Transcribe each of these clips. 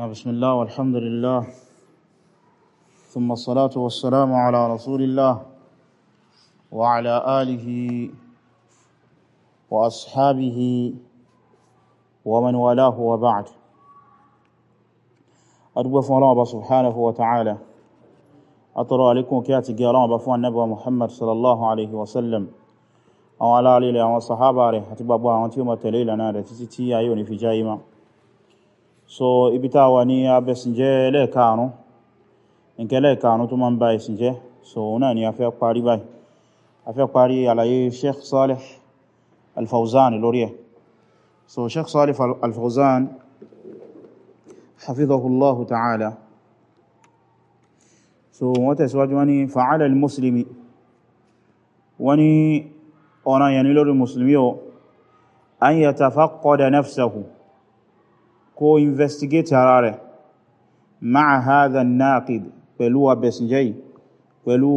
آه، بسم الله والحمد لله ثم الصلاة والسلام على رسول الله وعلى آله وأصحابه ومن ولاه وبعد أدوى فرابة سبحانه وتعالى أترى لكم كاتي قرابة فوان نبوى محمد صلى الله عليه وسلم أو على عليه وصحابه أتبابوا أنتم التليل أنا تتي أيوني في جائمة so ibi tá wà ní abẹ́sìnjẹ́ lẹ́ẹ̀kaàrún nǹkẹ́ lẹ́ẹ̀kaàrún tó máa ń ba ìsìnjẹ́ so òun náà ni a fẹ́ parí báyìí a fẹ́ parí àlàyé Sheikh Salih Al-Fawzan lórí ẹ̀ so Sheikh Salih Al-Fawzan hafidhahullahu ta'ala so wọ́n tẹ̀síwájú wọ́n ni fa'ala al ọ̀nà yẹni musulmi o an yatafaqqada nafsahu kó investigate ara rẹ̀ ma'a hadha an-naqid pẹ̀lú abẹ̀sìnjẹ́ yìí pẹ̀lú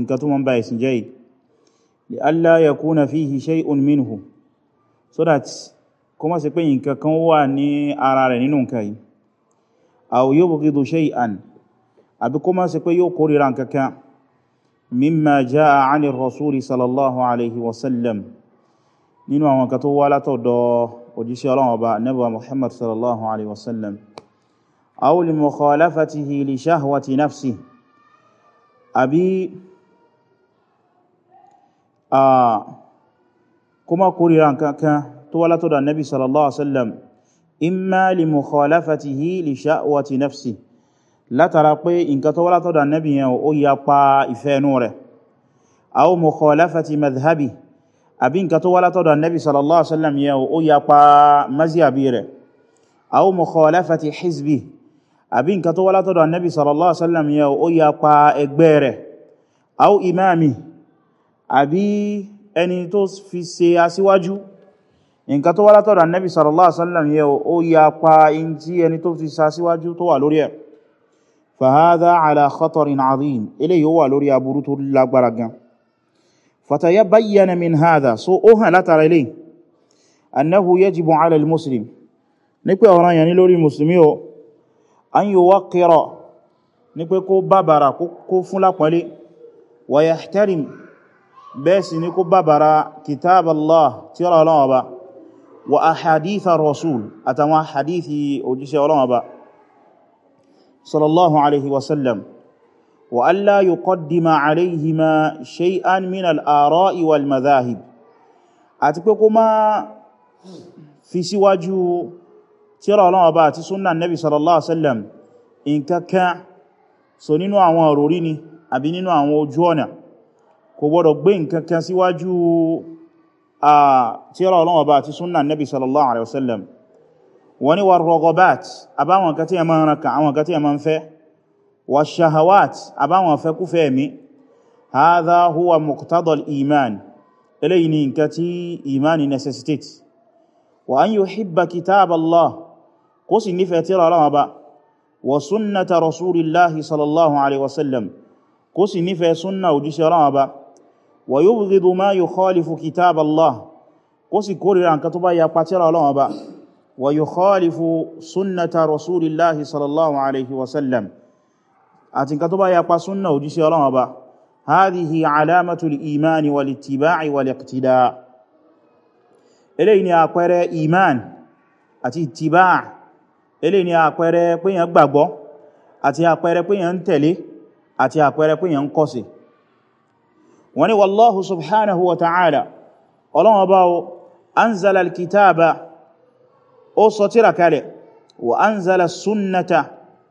nǹkan tó mọ́ bá ìsìnjẹ́ yìí li alla yakuna fihi shay'un minhu so that kó má ṣe pé nǹkan kan wà ní ara rẹ̀ nínú nǹkan yìí aw yubghidu shay'an àbí kó má ṣe pé yóò kórìíra nǹkan kan mimma jaa 'ani ar-rasuli sallallahu alayhi wa nínú àwọn kan tó wá látọ̀dọ̀ òjíṣẹ́ ọlọ́run ọba nẹ́bà muhammad sallallahu alaihi wasallam aw li mukhalafatihi li shahwati nafsi àbí kuma kórìíra kankan tó wá látọ̀dọ̀ nẹ́bì sallallahu alaihi wasallam imma li mukhalafatihi li shahwati nafsi látara pé àbí nǹkan tó wá látọ̀dọ̀ annabi sallallahu alaihi wasallam yẹ ó yapa mazhabi rẹ̀ aw mukhalafati hizbi àbí nǹkan tó wá látọ̀dọ̀ annabi sallallahu alaihi wasallam yẹ ó yapa ẹgbẹ́ rẹ̀ aw imami àbí ẹni tó fi ṣe aṣíwájú nǹkan tó wá látọ̀dọ̀ annabi sallallahu alaihi wasallam yẹ ó yapa inji ẹni tó fi ṣe aṣíwájú فتيبين من هذا so ó hàn látara ilé annahu yajibu ala al-muslim ní pé ọ̀ràn yẹn ni lórí muslimi o an yuwaqqira ní pé kó bàbàrà kó fún lápọ́lé wa yahtarim bẹ́ẹ̀ sì ni kó bàbàrà kitab Allah tírà wa ahadith وألا يقدم عليهما شيئا من الآراء والمذاهب àti pé kó máa fi síwájú tírà Ọlọ́run Ọba àti súnnà Nabi sallallahu alaihi wasallam nǹkankan so nínú àwọn òròrí ni àbí nínú àwọn ojú ọ̀nà kò gbọ́dọ̀ gbé nǹkankan síwájú a tírà Ọlọ́run Ọba àti súnnà Nabi sallallahu alaihi wasallam wọ́n ni war-raghabat àbáwọn kan tí ẹ máa ń fẹ́ wa shahawat àbáwọn fẹ́kúfẹ́ mi hadha huwa muqtadal iman eléyìí ni nǹkan tí iman necessitate wa an yuhibba kitab Allah kó sì nífẹ̀ẹ́ tírà Ọlọ́run ba wa sunnata rasulillahi sallallahu alaihi wasallam kó sì nífẹ̀ẹ́ sunna òjíṣẹ́ Ọlọ́run ba wa yubghidu ma yukhalifu kitab Allah kó sì kórìíra nǹkan tó bá yapa tírà Ọlọ́run ba wa yukhalifu sunnata rasulillahi sallallahu alaihi wasallam àti nǹkan tó bá yapa súnnà òjíṣẹ́ Ọlọ́run Ọba hadihi alamatul imani wal ittiba'i wal iqtida eléyìí ni àpẹẹrẹ iman àti ittiba' eléyìí ni àpẹẹrẹ pé yẹn gbàgbọ́ àti àpẹẹrẹ pé yẹn tẹ̀lé àti àpẹẹrẹ pé yẹn ń kọ́ṣe wallahu subhanahu wa ta'ala Ọlọ́run Ọba o anzala alkitaba ó sọ tírà kalẹ̀ wa anzala sunnata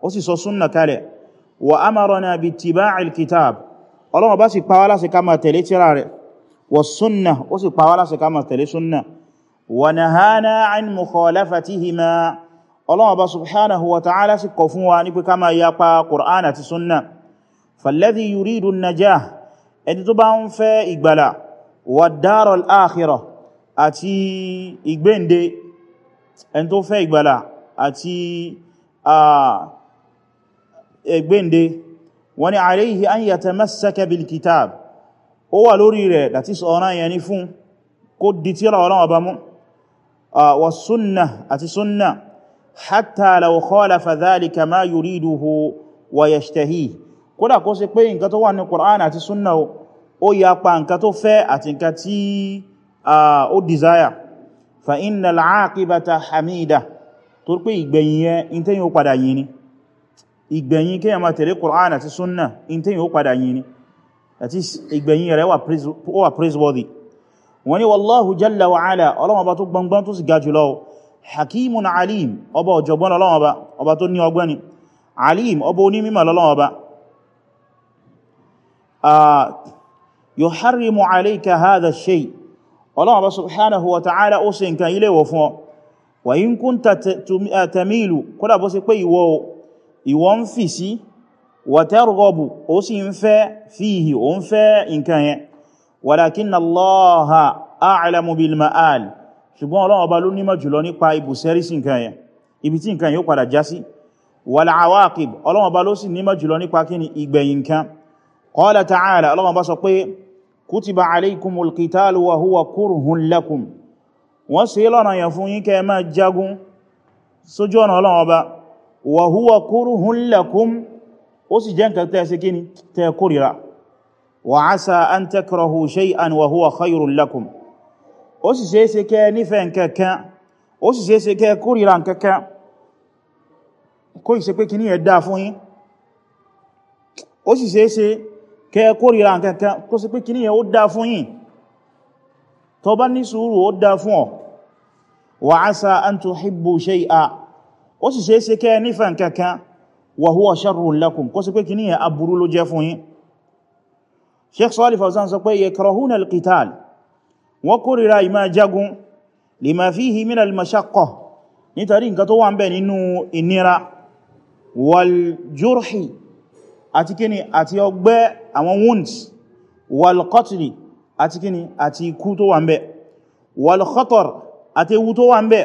ó sì sọ sunna kalẹ̀ wa amarana bi tiba'il kitab Ọlọ́run bá sì pa wá láṣẹ ká máa tẹ̀lé tírà rẹ̀ wa sunna ó sì pa wá láṣẹ ká máa tẹ̀lé sunna wa nahana an mukhalafatihima Ọlọ́run bá subhanahu wa ta'ala sì kọ̀ fún wa ní pé ká máa yapa Qur'an àti sunna falladhi yuridu an ẹni tó bá ń fẹ́ ìgbàlà wa daral akhirah àti ìgbéǹde ẹni tó fẹ́ ìgbàlà àti gbéǹde wọ́n ni alayhi an yatamassaka bil kitab ó wà lórí rẹ̀ láti sọ́nà yẹn ni fún kó di tírà Ọlọ́run bá mú wa sunnah àti sunnah hatta law khalafa dhalika ma yuriduhu wa yashtahi kódà kó ṣe pé nǹkan tó wà ní Qur'an àti sunnah ó yapa nǹkan tó fẹ́ àti nǹkan tí ó desire fa innal aqibata hamida torí pé ìgbẹ̀yìn yẹn in tẹ́yìn ó padà yìí ni ìgbẹ̀yìn kí a máa tẹ̀lé Qur'an àti súnnà in tí yíó padà yìí ni àti ìgbẹ̀yìn rẹ̀ wà praiseworthy wọ́n ni wallahu jalla wa ala ọlọ́mọba tó gbọngbọ́n tó sì ga jùlọ hakimun alim ọba ọ̀jọ̀gbọ́n ọlọ́mọba ọba tó ní ọgbọ́n ni alim ọba onímímọ̀ lọ́lọ́mọba yuharrimu alayka hadha shay ọlọ́mọba subhanahu wa ta'ala ó ṣe nǹkan ilé wọ̀ fún ọ wa in kunta tamilu kódà pé ìwọ ìwọ ń fi sí wàtẹ́rọ̀bù ó sì ń fẹ́ fíhì ó ń fẹ́ nǹkan yẹn walakinna Allaha a'lamu bil ma'al ṣùgbọ́n Ọlọ́run Ọba ló nímọ̀ jùlọ nípa ibùsẹ́rí sí nǹkan yẹn ibi tí nǹkan yóò padà já sí wal awaqib Ọlọ́run Ọba ló sì nímọ̀ jùlọ nípa kí ni ìgbẹ̀yìn nǹkan qala ta'ala wa huwa kurhun lakum ó sì jẹ́ nǹkan tẹ́ sí kíni tẹ́ kórìíra wa asa an takrahu shay'an wa huwa khayrun lakum ó sì ṣe é ṣe kẹ́ nífẹ̀ẹ́ nǹkankan ó sì ṣe é ṣe kẹ́ kórìíra nǹkankan ó sì ṣe é ṣe kẹ́ kórìíra nǹkankan kó sì pé kíní ẹ̀ dáa fún yín ó sì ṣeéṣe kẹ́ nífẹ̀ nǹkankan wa huwa sharrun lakum kó sì pé kìíní yẹn aburú ló jẹ́ fún yín Sheikh Salih Fawzan sọ pé yakrahuna al-qital wọ́n kórìíra ìmá jagun lima fihi min al-mashaqqa nítorí nǹkan tó wà ń bẹ nínú ìnira wal àti kíni àti ọgbẹ́ àwọn wounds wal àti kíni àti ikú tó wà ń bẹ wal àti ewu tó wà ń bẹ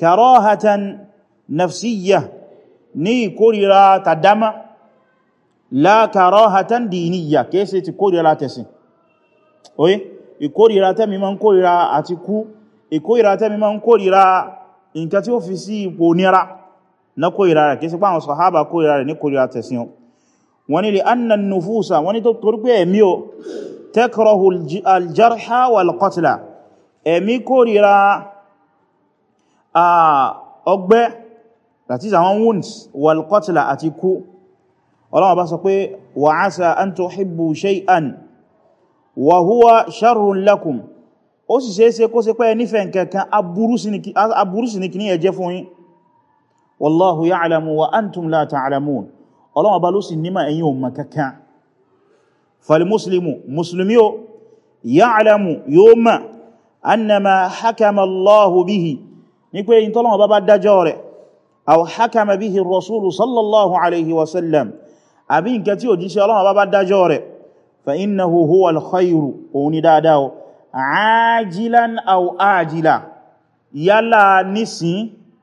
karahatan nafsiyya ní ìkórìíra tàdámá la karahatan diniyya kéèsì ti kórìíra tẹ̀sìn oye ìkórìíra tẹ́mi ma ń kórìíra àti kú ìkórìíra tẹ́mi ma ń kórìíra nǹkan tí ó fi sí ipò nira na kórìíra rẹ̀ kéèsì pàwọn sàhábà kórìíra rẹ̀ ní kórìíra tẹ̀sìn wọ́n ní li nufusa wọ́n ní tó torí ẹ̀mí o takrahu aljarha wal qatla ẹ̀mí kórìíra ọgbẹ́ that is àwọn wounds walqatla àti kú Ọlọ́run bá sọ pé wa asa an tuhibbu shay'an wa huwa sharrun lakum ó sì ṣe é ṣe kó ṣe pé nífẹ̀ẹ́ nǹkankan aburú sí ní kìí ẹjẹ́ fún yín wallahu ya'lamu wa antum la ta'lamun Ọlọ́run bá ló sì nímọ̀ ẹ̀yin ò mọ̀ kankan falmuslimu musulmi o ya'lamu yóò annama hakama Allahu bihi ní pé in tọ́lọ́wọ́ bá bá dájọ́ rẹ̀ aw hakama bihi ar-rasulu sallallahu alayhi wa sallam àbí nǹkan tí òjíṣẹ́ Ọlọ́run bá dájọ́ rẹ̀ fa innahu huwa al-khayru òun ni dáadáa ajilan aw ajila yálà nísìn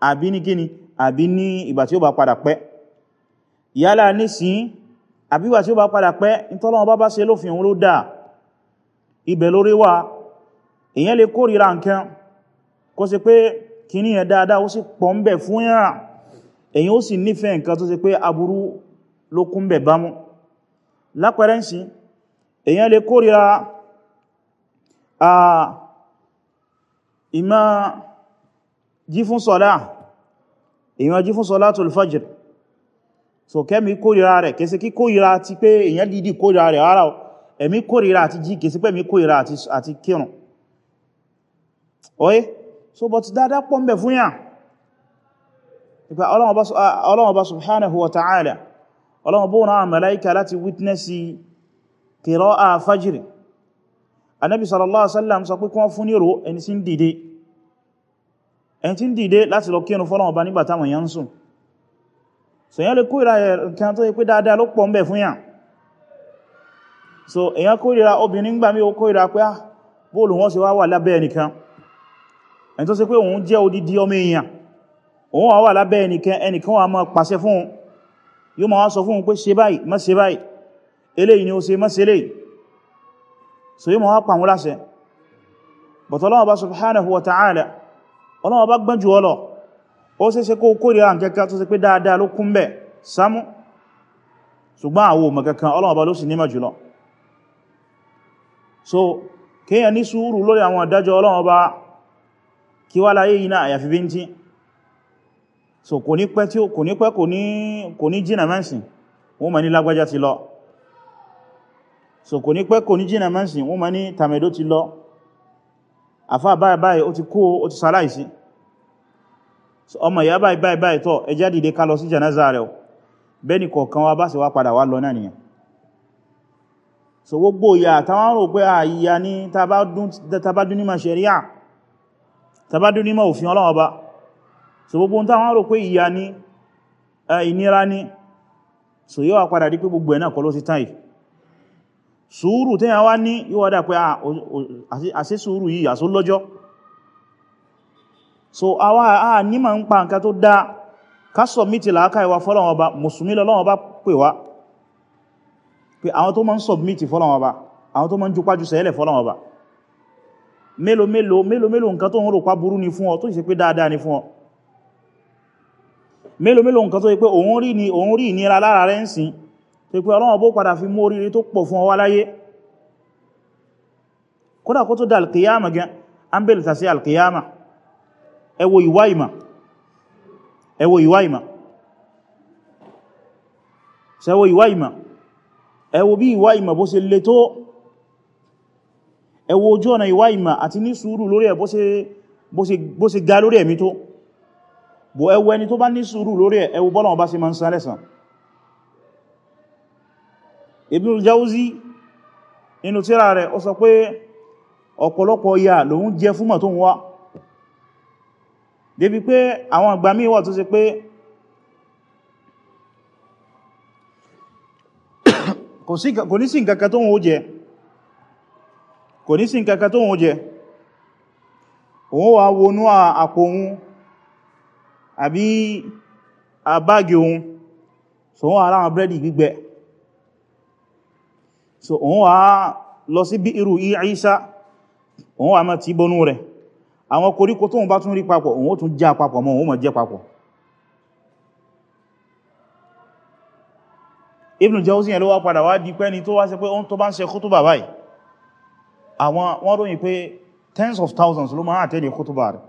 àbí ní kíni àbí ní ìgbà tí ó bá padà pẹ́ yálà nísìn àbí ìgbà tí ó bá padà pẹ́ ìtọ́lọ́wọ́ bá bá ṣe lófin ló dáa ibẹ̀ lórí wà èyàn lè kórìíra nǹkan kó ṣe pé kíní yẹn dáadáa ó sì pọ̀ ń bẹ̀ fún yàn èyàn ó sì nífẹ̀ẹ́ nǹkan tó ṣe pé aburú ló kún bẹ̀ bámú lápẹrẹ sí èyàn lè kórìíra à ìmá jí fún sọ́lá tó lè so kẹ́mi kórìíra rẹ̀ kẹsí kí kórìíra ti pé èyàn dìdí kórìíra rẹ̀ ara ẹ̀mí kórìíra àti jí kẹsí pé mi àti kírùn oye so but dáadáa pọ̀ ń nípa ọlọ́wọ́ba ah, subhanahu wa ta'ala ọlọ́wọ́bó náà mẹ́láíkà láti wítnẹ́sì kìrọ́ a fajiri anábi sallallahu alaihi wasallam sọ pé kún fún nírò ẹni tí ń dìde ẹni tí ń dìde láti lọ kírun fọ́lọ́wọ́ba nígbà táwọn yán sùn so yán lè kó ìrà kan tó yẹ pé dáadáa ló pọ̀ ń bẹ fún yàn so èyàn kó ìrà obìnrin gbà mí ó kó ìrà pé ah, ẹni tó ṣe pé òun jẹ́ odidi ọmọ èèyàn òun wà wà lábẹ́ ẹnìkan ẹnìkan wà máa pàṣẹ fún un yóò máa wá sọ fún un pé ṣe báyìí má ṣe báyìí eléyìí ni ó ṣe má ṣe eléyìí so yóò máa wá pàwọn láṣẹ but Ọlọ́hun bá subhanahu wa ta'ala Ọlọ́hun bá gbọ́n jù ọ lọ ó ṣe ṣe kó kórìíra nkẹ́kẹ́ tó ṣe pé dáadáa ló kún kí wá láyé yìí náà àyàfi bíntín so kò ní pẹ́ tí ó kò ní pẹ́ kò ní jìnà mẹ́sìn wọ́n ma ní lágbájá ti lọ so kò ní pẹ́ kò ní jìnà mẹ́sìn wọ́n ma ní tàmẹ̀dó ti lọ àfá báyìí báyìí ó ti kú ó ti ṣaláìsí so ọmọ ìyá báyìí báyìí báyìí tọ́ ẹ jáde dé ká lọ sí janaza rẹ̀ bẹ́ni kọ̀ọ̀kan wa bá sì wá padà wá lọ náà nìyẹn so gbogbo ìyà táwọn rò pé àyíya ní tàbádún ní ma ṣẹ̀ríà tàbádún ní ma òfin Ọlọ́run so gbogbo ohun táwọn rò pé ìyà ni eh, ìnira ni so yíò àpadà di pé gbogbo ẹ̀ náà kọ́ ló sùúrù tí a wá ní yíò wádà pé ah, àṣí sùúrù yìí àṣó lọ́jọ́ so àwa a nímọ̀ ń pa nǹkan tó dáa ká sọ̀mítì làákà ìwà fọ́lọ̀wọ̀n ọba mùsùlùmí lọ́lọ́wọ́n ọba pè wá pé àwọn tó máa ń sọ̀mítì fọ́lọ̀wọ̀n ọba àwọn tó máa ń jupájú sẹ́lẹ̀ fọ́lọ̀wọ̀n ọba mélòó mélòó ni fún mélòó mélòó nǹkan tó yí pé òun rí ni òun rí ìnira lára rẹ̀ ń sin tó yí pé Ọlọ́run bó padà fi mú oríire tó pọ̀ fún ọwá láyé kódà kó tó dá alkiyama gan an bèèrè tàsí alkiyama ẹ wo ìwà ìmà ẹ wo ìwà ìmà ṣé ẹ wo ìwà bí ìwà ìmà bó ṣe le tó ẹ wo ojú ọ̀nà ìwà ìmà àti ní sùúrù lórí ẹ̀ bó ṣe ga lórí ẹ̀mí tó bó ẹwọ ẹni tó bá ní sùúrù lórí ẹwọ bọ́lá ọba sí ma ń san lẹ́san Ibnul Jawzi nínú tírà rẹ̀ ọ sọ pé ọ̀pọ̀lọpọ̀ ya lòun jẹ fúnmọ̀ tó ń wá débi pé àwọn àgbà míì wà tó ṣe pé kò ní sí nǹkankan tó ń ó jẹ kò ní òun wà wọnú àpò òun àbí àbági ohun so wọ́n wà láwọn búrẹ́dì so wọ́n wà lọ sí bí irú Ìsá wọ́n wà máa ti bọnú rẹ̀ àwọn koríko tó wọ́n bá tún rí papọ̀ òun ó tún já papọ̀ mọ́ òun mọ̀ jẹ papọ̀ Ibn Jawzi yẹn ló wá padà wá di pẹ́ni tó wá ṣe pé oun tó bá ń ṣe kútùbà báyìí àwọn wọ́n ròyìn pé tens of thousands ló máa àtẹ́lẹ̀ kútùbà rẹ̀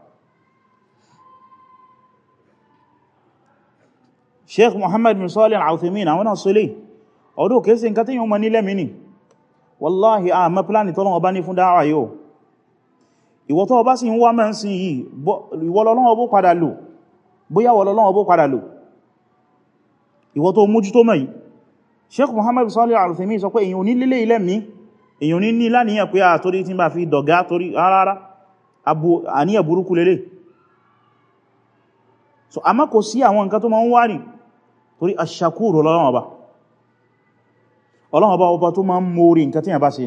sheikh muhammad bin salih al-uthaymeen àwọn náà sọlé ọdún kìí sí nǹkan tí yíò mọ nílẹ̀ mini wallahi a mọ́ pláni tọ́lọ́wọ́ bá ní fún dáwà yóò ìwọ tó bá sì ń wá mẹ́rin sí yìí ìwọ lọ́lọ́wọ́ bó padà lò bóyá wọ lọ́lọ́wọ́ bó padà lò ìwọ tó mójú tó mẹ́yìn sheikh muhammad bin salih al so a má kò sí àwọn nǹkan tó torí aṣàkúrò lọ́wọ́ ọba ọba tó máa ń mórí nǹkan tí a bá ṣe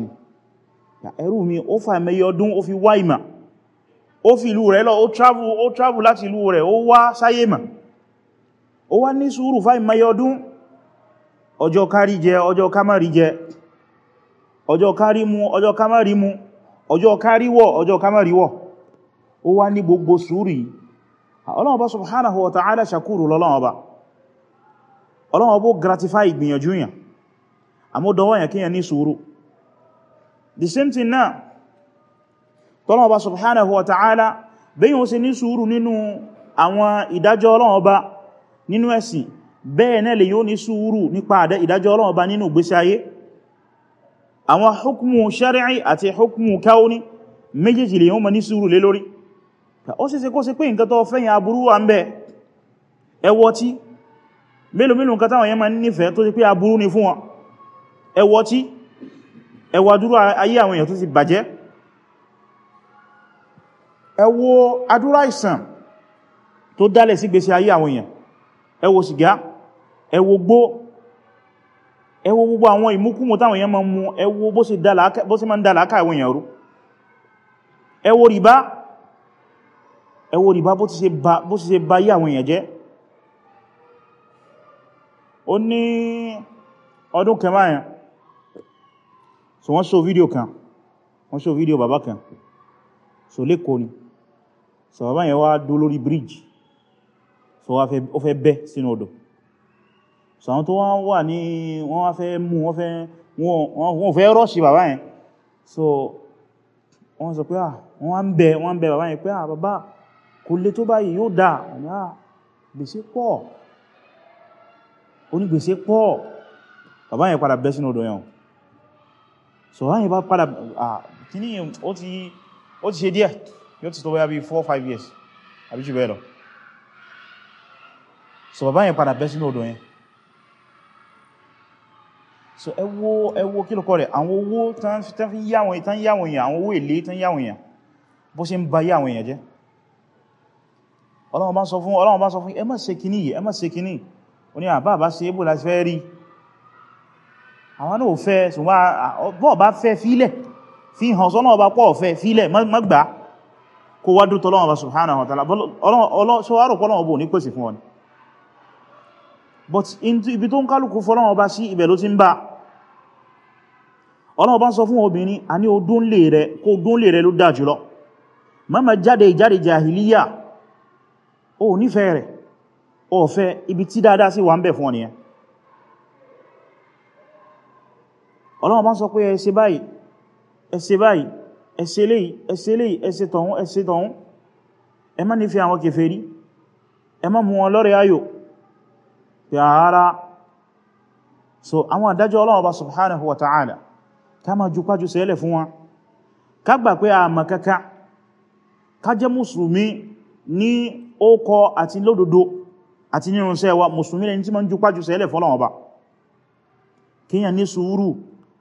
ẹrù mi ó fà ó fi wá ìmà ó fi ìlú rẹ̀ lọ ó travel láti ìlú rẹ̀ ó wá sáyé mà ó wá ní sùúrù fà ọdún ọjọ́ kárí jẹ ọjọ́ jẹ ọjọ́ kárí ọjọ́ ọjọ́ kárí gbogbo sùúrù yìí subhanahu wa ta'ala ọlọ́wọ́ bó gratify ìgbìyànjú yàn àmúdọwọ́ yàn kíyàn ní sùúrù the same thing náà tọ́lọ́wọ́ bá subhanahu wa ta'ala bẹ́yìn ó ṣe ní sùúrù nínú àwọn ìdájọ́ ọlọ́wọ́ bá nínú ẹ̀sìn bẹ́ẹ̀ náà lè yóò ní sùúrù nípa ìdájọ́ ọlọ́wọ́ bá nínú ìgbésí ayé àwọn hukmu shari'i àti hukmu kauni méjèèjì lè yóò ma ní sùúrù lé lórí ó sì ṣe kó ṣe ẹwọ́ tí mélòó mélòó nǹkan táwọn yẹn ma nífẹ̀ẹ́ tó ti pé aburú ni fún wọn ẹwọ tí ẹwà dúró ayé àwọn èèyàn tó ti bàjẹ́ ẹwọ adúrà ìsàn tó dálẹ̀ sí gbèsè ayé àwọn èèyàn ẹwọ sìgá ẹwọ gbó ẹwọ gbogbo àwọn ìmúkúmù táwọn èèyàn ma mú ẹwọ bó sì ma ń dálàáká àwọn èèyàn rú ẹwọ rìbá ẹwọ rìbá bó ti ṣe bà ayé àwọn èèyàn ó ní ọdún kẹmà yẹn so wọ́n show video kan wọ́n show video bàbá kan so lẹ́kọ́ ni so bàbá yẹn wá dó lórí bridge so wọ́n fẹ́ bẹ́ sínú odò so àwọn tó wọ́n wà ní wọ́n wá fẹ́ mú wọ́n fẹ́ wọ́n fẹ́ rọ́ṣì bàbá yẹn so wọ́n sọ pé à ah, wọ́n wá ń bẹ wọ́n ń bẹ bàbá yẹn pé à ah, bàbá kò lè tó báyìí yóò dáa àmì à ah, gbèsè pọ̀ onígbèsè pọ̀ bàbá yẹn padà bẹ́ sínú odò yẹn so bàbá yẹn bá padà kí ní ó ti ṣe díẹ̀ yóò ti tó bóyá bí 4-5 years àbí jù bẹ́ẹ̀ lọ so bàbá yẹn padà bẹ́ sínú odò yẹn so ẹ wò ẹ wò kí lọ́kọ́ rẹ̀ àwọn owó tán fi yáwọn èèyàn àwọn owó èlé tán yáwọn èèyàn bó ṣe ń ba yá àwọn èèyàn jẹ́ Ọlọ́run bá sọ fún ẹ má ṣe kìíní ẹ má ṣe kìíní oní àbá àbá sí ébò láti fẹ́ rí àwọn náà fẹ́ ṣùgbọ́n bọ́ọ̀ bá fẹ́ fílẹ̀ fi hàn sọ́nà ọba pọ̀ fẹ́ fílẹ̀ mọ́gbà kó wá dútọ́ lọ́wọ́ subhanahu wa ta'ala but ibi tó ń kálùkù fọ́lọ́wọ́ bá sí ibẹ̀ ló ti ń bá ọlọ́wọ́ bá sọ fún obìnrin a ní o dúnlé rẹ kó dúnlé rẹ ló dáa jùlọ mọ́mọ̀ jáde ìjáde jahiliya o nífẹ́ rẹ̀ ọ̀fẹ́ ibi tí dáadáa sí wà ń bẹ̀ fún ọ̀nìyàn ọlọ́wọ́n bá sọ pé ẹ ṣe báyìí ẹ ṣe báyìí ẹ ṣe léyìí ẹ ṣe tọ̀hún ẹ tọ̀hún ẹ má àwọn kèfèrí ẹ má mú wọn lọ́rẹ̀ ayò pé so àwọn àdájọ́ ọlọ́wọ́n wa ta'ala ká máa ju pájú sẹ́lẹ̀ fún wọn ká gbà pé a mọ̀ kaka ká ó kọ àti lódodo àti nínú iṣẹ́ wa mùsùlùmí lẹni tí ma ń jú pájú sẹ́lẹ̀ fọ́lọ́run ọba kíyàn ní sùúrù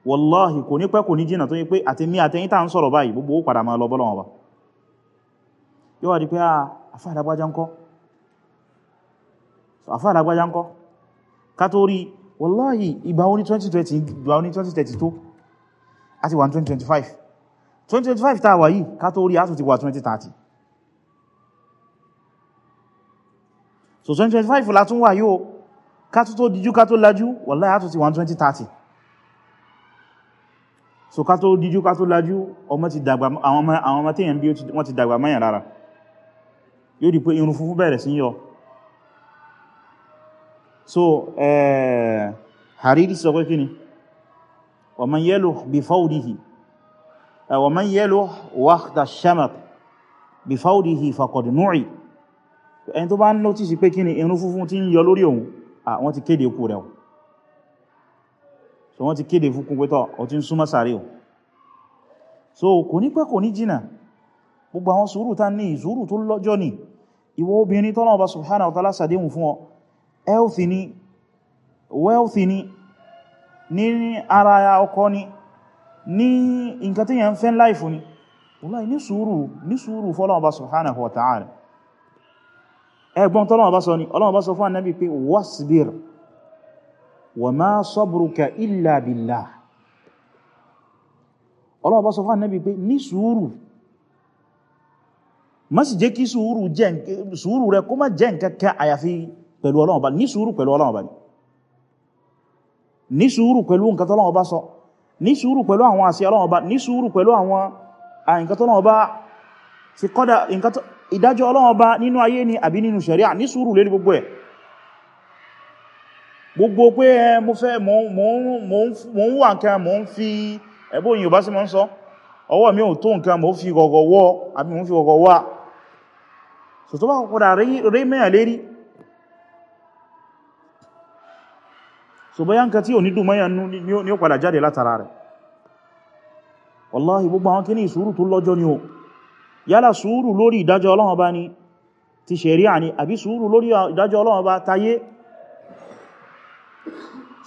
wàláhì kò ní pẹ́ kò ní jìnà tó yí pé àti mí àtẹyìn tàà ń sọ̀rọ̀ báyìí gbogbo ó padà máa lọ bọ́lọ́run ọba yóò wà di pé ah, àfáàdàgbájá ń kọ́ àfáàdàgbájá ń kọ́ ká tó 2025 so 25 la tún wà yóò ká tó tó díjú ká tó lájú wallahi àtún ti 12030 so ká tó díjú ká tó lájú ọmọ ti dàgbà àwọn ọmọ tí yẹn bí wọ́n ti dàgbà mẹ́yàn lára yóò di pé irun funfun bẹ̀rẹ̀ sí yọ so eh, sọ pé kíni wa man yaluh bi fawdihi eh, wa man yaluh waqta shamat bi fawdihi ẹni tó bá ń notice pé kí ni irun funfun tí ń yọ lórí òun àwọn ti kéde ikú rẹ̀ so wọ́n ti kéde fún kúnpẹ́tọ̀ ó ti ń súnmọ́ sàárè o so kò ní pẹ́ kò ní jìnà gbogbo àwọn sùúrù tá ní ìsùúrù tó lọ́jọ́ ni ìwọ obìnrin tọ́lá ọba subhanahu wa sàdéhùn fún ọ healthy ni wealthy ni ní ara ọkọ ni ní nǹkan tí yẹn ń fẹ́ láìfù ni wallahi ní sùúrù ní sùúrù ọba subhanahu wa ẹgbọ́n tọ́lọ́wọ́ bá sọ ní Ọlọ́run bá sọ fún annabi pé wasbir wa ma sabruka illa billah Ọlọ́run bá sọ fún annabi pé ní sùúrù má sì jẹ́ kí sùúrù rẹ kó má jẹ́ nǹkankan àyàfi pẹ̀lú Ọlọ́run bá ní sùúrù pẹ̀lú Ọlọ́run bá ní sùúrù pẹ̀lú nǹkan tọ́lọ́run bá sọ ní sùúrù pẹ̀lú àwọn ìdájọ́ Ọlọ́run Ọba nínú ayé ni àbí nínú ṣẹ̀ríà ní sùúrù lérí gbogbo ẹ̀ gbogbo pé ẹ mo fẹ́ mo ń wà nǹkan mo ń fi ẹ̀bọ́ òyìn sí mọ́ ń sọ ọwọ́ mi ò tó nǹkan mo fi gọ̀gọ̀ wọ àbí mo fi gọ̀gọ̀ wọ. so bá kọ̀kọ̀dà rí mẹ́yàn lérí so bóyá nǹkan tí ò ní dùn mọ́yàn ní ó padà jáde látara gbogbo àwọn kí ní tó lọ́jọ́ yálà sùúrù lórí ìdájọ́ Ọlọ́run bá ní ti ṣẹ̀ríà ní àbí sùúrù lórí ìdájọ́ bá tayé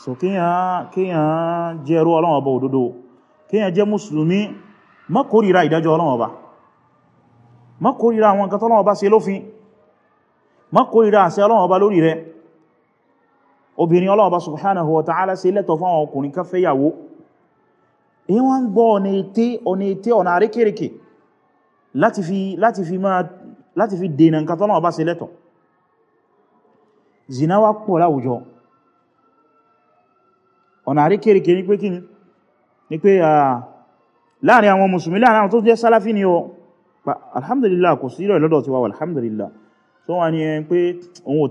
so kíyàn jẹ́ ẹrú Ọlọ́run bá kenya kíyàn jẹ́ mùsùlùmí má kórìíra ìdájọ́ Ọlọ́run bá má kórìíra àwọn nǹkan tọ́lọ́run bá ṣe ta'ala láti fi láti fi máa fi dènà nǹkan tọ́nà ọba ṣe lẹ́tọ̀ zina wá pọ̀ láwùjọ ọ̀nà àrí kèrèkè ní pé kí ni pé láàrin àwọn mùsùlùmí láàrin àwọn tó jẹ́ sálàfí ni ọ alhamdulillah kò sí ìrọ̀lọ́dọ̀ ti wà alhamdulillah tó wà ní ẹn pé òun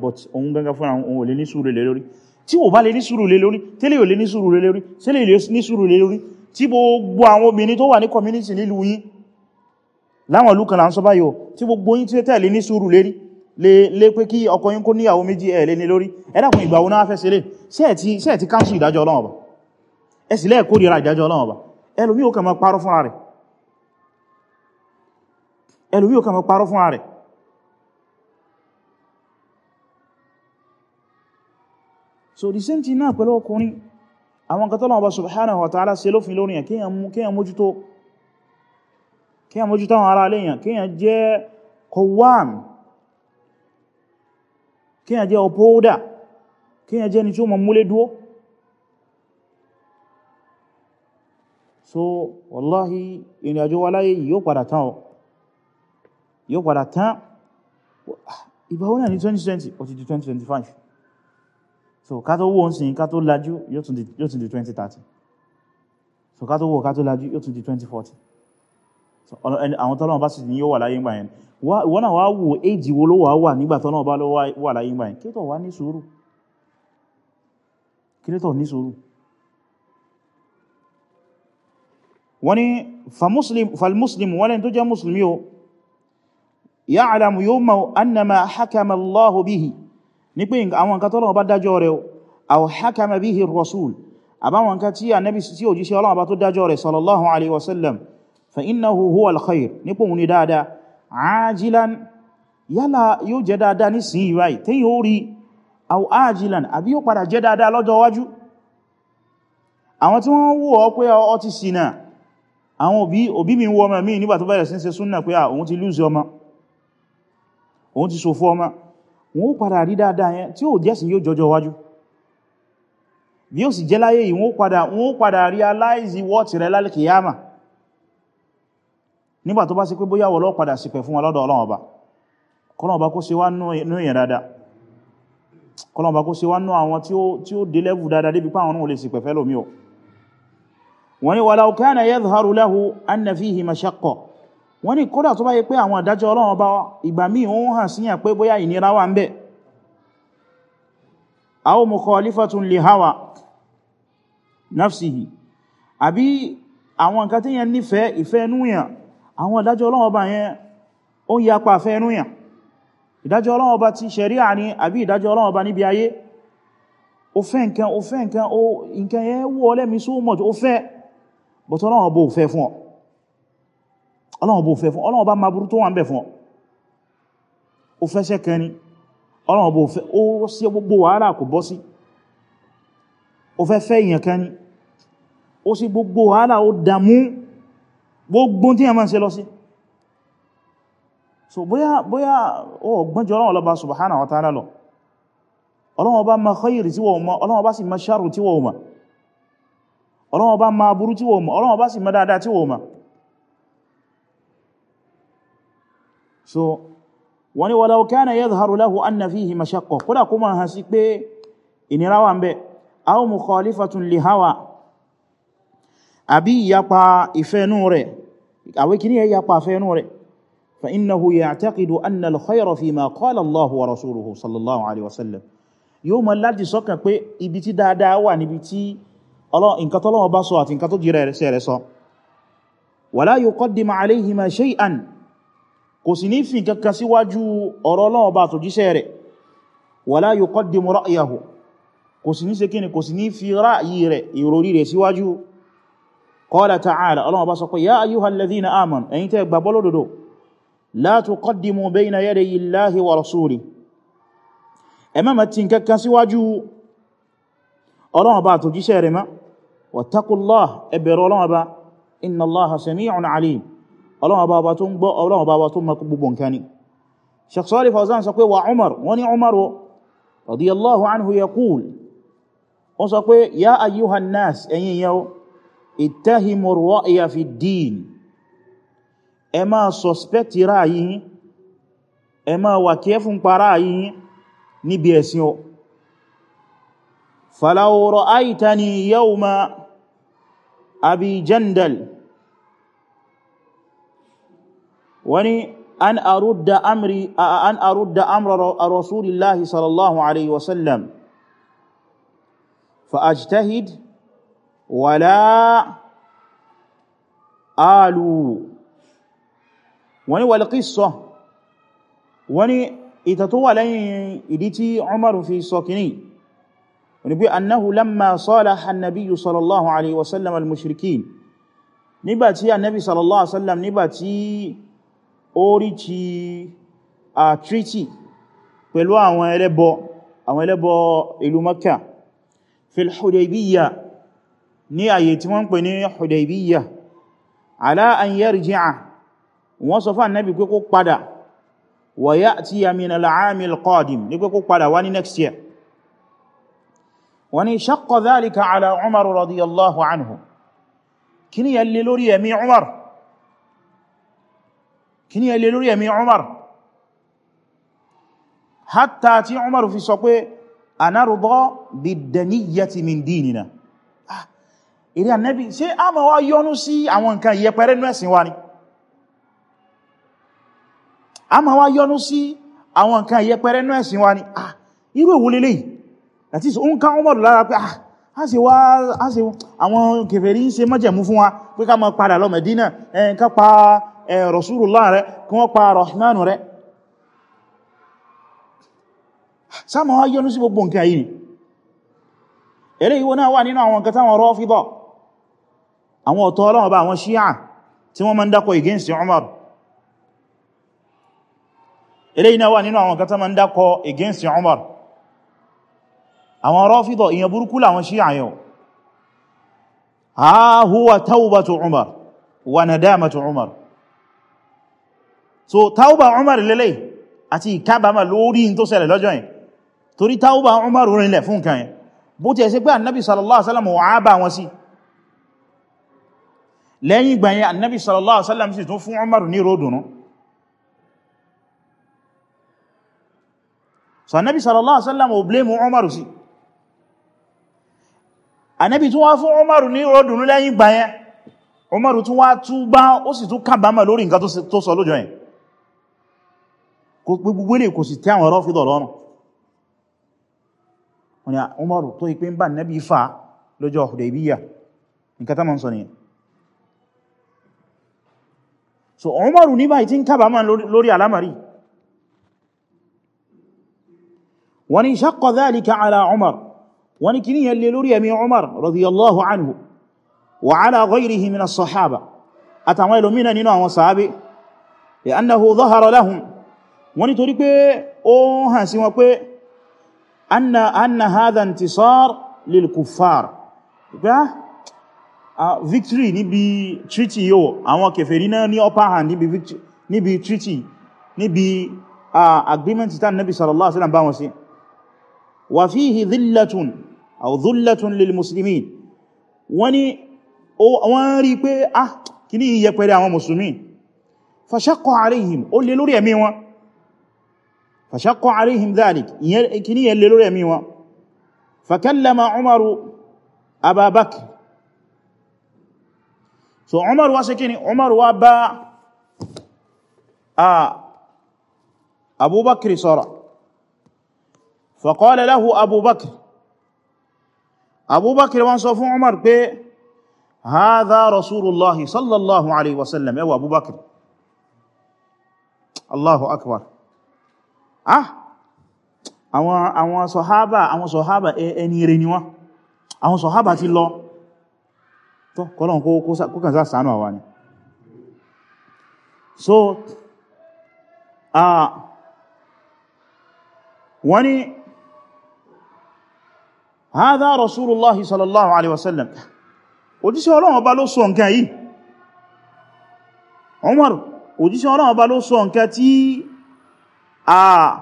but òun gangan fún àwọn òun ò lè ní sùúrù lé lórí tí wò bá lè ní sùúrù lé tí gbogbo àwọn obìnrin tó wà ní community nílùú yín láwọn ìlú kan là ń sọ báyìí tí gbogbo yín tí tẹ̀lé ní sùúrù lérí lé pé kí ọkọ yín kó níyàwó méjì ẹ̀ lé ní lórí ẹ dákun ìgbà wo náà fẹ́ ṣeré sẹ́ẹ̀ ti káńsù ìdájọ́ Ọlọ́run ọba ẹ sì lẹ́ẹ̀kó ríra ìdájọ́ Ọlọ́run ọba ẹlòmí ò kàn máa parọ́ fúnra rẹ̀ ẹlòmí ò kàn máa àwọn nǹkan tọ́lọ̀ ọba subhanahu wa ta'ala ṣe lófin lórí yàn kíyàn mójútó kíyàn mójútó àwọn ará léyàn kíyàn jẹ́ kọwàm kíyàn jẹ́ ọpọ́ọ́dà kíyàn jẹ́ ni tí ó mọ̀ dúó so wallahi ìrìn àjò waláyé yóò padà tán ọ yóò 2020 ó ti di 2025 so ká tó wò ń sin ká tó lajú yóò tún di 2030 so ká tó wò ká tó lajú yóò tún di 2040 àwọn tọ́lọ́wọ́ bá sì ní yóò wà láyé ìgbà yẹn wọ́n náà wá wò éjì wo ló wà wà nígbà tọ́lọ́wọ́ bá ló wà láyé ìgbà yẹn kí tó wá ní sùúrù ní pé àwọn nǹkan tọ́lọ́wọ́ bá dájọ́ rẹ̀ aw hakama bihi ar-rasul àbáwọn nǹkan tí ànábì sí òjíṣẹ́ Ọlọ́run bá tó dájọ́ rẹ̀ sallallahu alaihi wasallam fa innahu huwa al-khair nípò ní dáadáa ajilan yálà yóò jẹ́ dáadáa ní sin ìwáì tí yóò rí aw ajilan àbí dáadáa òun ti lúzi ọmọ wọ́n ó padà rí dáadáa yẹn tí ó jẹ́sìn yóò jọjọ wájú bí ó sì jẹ́ láyé yìí wọ́n ó padà wọ́n ó padà realize wọ́tí rẹ̀ lálẹ́kìyàmà nígbà tó bá ṣe pé bóyá wọ́n lọ padà sípẹ̀ fún wa lọ́dọ̀ Ọlọ́run Ọba kọ́lọ̀ ọba kó ṣe wá nú èèyàn dáadáa kọ́lọ̀ ọba kó ṣe wá nú àwọn tí ó dé level dáadáa débi pàwọn náà lè sì pẹ̀fẹ́ lómi ọ̀ wọ́n ni walau kana yadhharu lahu anna fihi mashaqqa wọ́n ní kódà tó bá yẹ pé àwọn àdájọ́ ọlọ́run ọba ìgbà míì ó ń hàn síyàn pé bóyá ìnira wà ń bẹ aw mukhalifatun li hawa nafsihi àbí àwọn nǹkan tí yẹn nífẹ̀ẹ́ ìfẹ́ núyàn àwọn àdájọ́ ọlọ́run ọba yẹn ó ń yapa fẹ́ núyàn ìdájọ́ ọlọ́run ọba ti ṣẹ̀ríà ni àbí ìdájọ́ ọlọ́run ọba níbi ayé ó fẹ́ nǹkan ó fẹ́ nǹkan ó nǹkan ọlọ́wọ́ bó fẹ́ fún ọlọ́wọ́ bá máa burú tó wà ń bẹ̀ fún ọ o fẹ́ṣẹ́ kan ní ọlọ́wọ́ bó fẹ́ ó sí gbogbo wàhálà kò bọ́ sí o fẹ́ fẹ́ èèyàn kan ní ó sí gbogbo wàhálà ó dàmú gbogbo tí a máa ń ṣe lọ sí so bóyá bóyá ó gbọ́njọ ọlọ́wọ́ lọ bá ma khayri tí wọ́n ma sharru tí sì ma dáadáa tí wọ́n mọ̀ so wọ́n ni walau kana yadhharu lahu anna fihi mashaqqa kódà kó máa hasi pé ìnira wà ń bẹ aw mukhalifatun li hawa àbí ìyapa ìfẹ́nú rẹ̀ àwẹ́ kìí yẹ yapa ìfẹ́nú rẹ̀ fa innahu ya'taqidu anna al-khayra fima qala Allahu wa rasuluhu sallallahu alaihi wasallam yóò mọ̀ láti sọ́kàn pé ibi tí dáadáa wà níbi tí nǹkan tọ́lọ́wọ́ bá sọ àti nǹkan tó jírẹ̀ sẹ́rẹ̀ sọ wala yuqaddimu alayhima shay'an kò sì ní fi kankan síwájú ọ̀rọ̀ Ọlọ́run bá tòjíṣẹ́ rẹ̀ wala yuqaddimu ra'yahu kò sì ní ṣe kíni kò sì ní fi ra'ayi rẹ̀ ìròrí rẹ̀ síwájú qala ta'ala Ọlọ́run bá sọ pé ọlọ́wọ́ bá bá tó ń gbọ́ ọlọ́wọ́ bá bá tó mọ́ gbogbo nǹkan ni Shaykh Saalih Fawzān sọ pé wà Umar wọ́n ni Umar radiyallahu anhu yaqul ó sọ pé ya ayyuhan nas ẹ̀yin yau ittahimu ar-ra'ya fi ad ẹ máa suspect ra'ayi ẹ máa wà kí ẹ fún para yìí níbi ẹ̀sìn ọ wani an arudda amri an arudda amra rasulillahi sallallahu alaihi wasallam fa ajtahid wala alu wani wal qissa wani ita tó wà lẹ́yìn ìdí tí Umar fi sọ kìíní wani bí annahu lamma salaha an-nabiyyu sallallahu alaihi wasallam al-mushrikin nígbàtí annabi sallallahu alaihi wasallam nígbàtí oríṣi àtríṣì pẹ̀lú àwọn ẹlẹ́bọ àwọn ẹlẹ́bọ ìlú Makka fil Hudaybiya ní àyè tí wọ́n pè ní Hudaybiya ala an yarji'a wọ́n sọ fún Ànábì pé kó padà wa ya'tiya min al-'am al-qadim ní pé kó padà wá ní next year wọ́n ní shaqqa ala Umar radiyallahu anhu kí ni yà lè Umar kí ní ẹlẹ́ lórí ẹ̀mí Umar hatta tí Umar fi sọ pé anárùbọ́ bí daniyyati min dinina ìrìn ah, ànẹ́bí ṣe a ma wá yọnú sí àwọn nǹkan yẹpẹrẹ nú ẹ̀sìn wa ni a ma wá yọnú sí àwọn nǹkan yẹpẹrẹ nú ẹ̀sìn wa ni ah irú èwo lélẹ́yìí àti ìsọ́nkà Umar lára pé ah a ṣe wá àwọn kèfèrí ń ṣe májẹ̀mú fún wa pé ká má padà lọ Mẹ̀dínà ẹ̀ eh, pa Rasulullah rẹ kí wọ́n pa Rahman rẹ sáàmà wá yọ́nú sí gbogbo nǹkan yìí eré ìwọ náà wà nínú àwọn nǹkan táwọn Rāfidah àwọn ọ̀tọ́ ọlọ́wọ́ bá àwọn Shia tí wọ́n máa ń dákọ̀ against Umar eré ìnáwà nínú àwọn nǹkan táwọn máa ń dákọ̀ against Umar àwọn Rāfidah ìyẹn Umar wa nadamatu Umar so tauba umar lele àti ìkábàmà lórí tó ṣẹlẹ̀ lọ́jọ́ yẹn torí tauba umar rinlẹ̀ fún kan yẹn bó ti ẹ̀sẹ̀ pé annabi sallallahu alaihi wasallam wà bá wọn sí lẹ́yìn ìgbà yẹn annabi sallallahu alaihi wasallam sì tún fún umar ní ròdùnú so annabi sallallahu alaihi wasallam ò blame umar sí annabi tún wá fún umar ní ròdùnú lẹ́yìn ìgbà yẹn umar tún wá túbá ó sì tún kábàmà lórí nǹkan tó sọ lọ́jọ́ yẹn gbogbo lè kò sì tí àwọn rọ́fídọ̀ lọ́rùn wọ́n ni ah, Umaru tó ipé ń bá nẹ́bí fa lọ́jọ́ Hudaybiyya nǹkan tá ma sọ nìyàn so Umaru ní báyìí tí ń kábà máa lórí alamari wọ́n ni shaqqa dhalika ala Umar wọ́n ni kìníyàn lè lórí ẹ̀mí Umar radiyallahu anhu wa ala ghayrihi min wọ́n ní torí pé ó hàn sí wọn pé anna anna hadha intisar lil kuffar pé ah, victory níbi treaty yóò àwọn kèfèrí náà ní upper hand níbi treaty níbi agreement tí Ànábì sallallahu alaihi bá wọn sí wa fihi dhillatun aw dhullatun lil muslimin wọ́n ní wọ́n rí pé ah kí ní iyẹpẹrẹ àwọn musulmi fashaqqa alaihim ó lè lórí ẹ̀mí wọn فشق عليهم ذلك كني يللو يميوا فكلم عمر أبا بكر so عمر واسكني عمر وابا آه أبو بكر صار فقال له أبو بكر أبو بكر وانصف عمر بي هذا رسول الله صلى الله عليه وسلم أو أبو بكر الله أكبر ah àwọn sọ̀hábà àwọn sọ̀hábà ẹni rẹ̀ ni wọ́n àwọn sọ̀hábà ti lọ tó kọlọ̀n kó kàn sá sánú àwà ni so ah wọ́n ni hadha rasulullahi sallallahu alaihi wasallam òjíṣẹ́ Ọlọ́run ọba ló sọ nǹkan yìí Umar òjíṣẹ́ Ọlọ́run ọba ló sọ nǹkan tí àà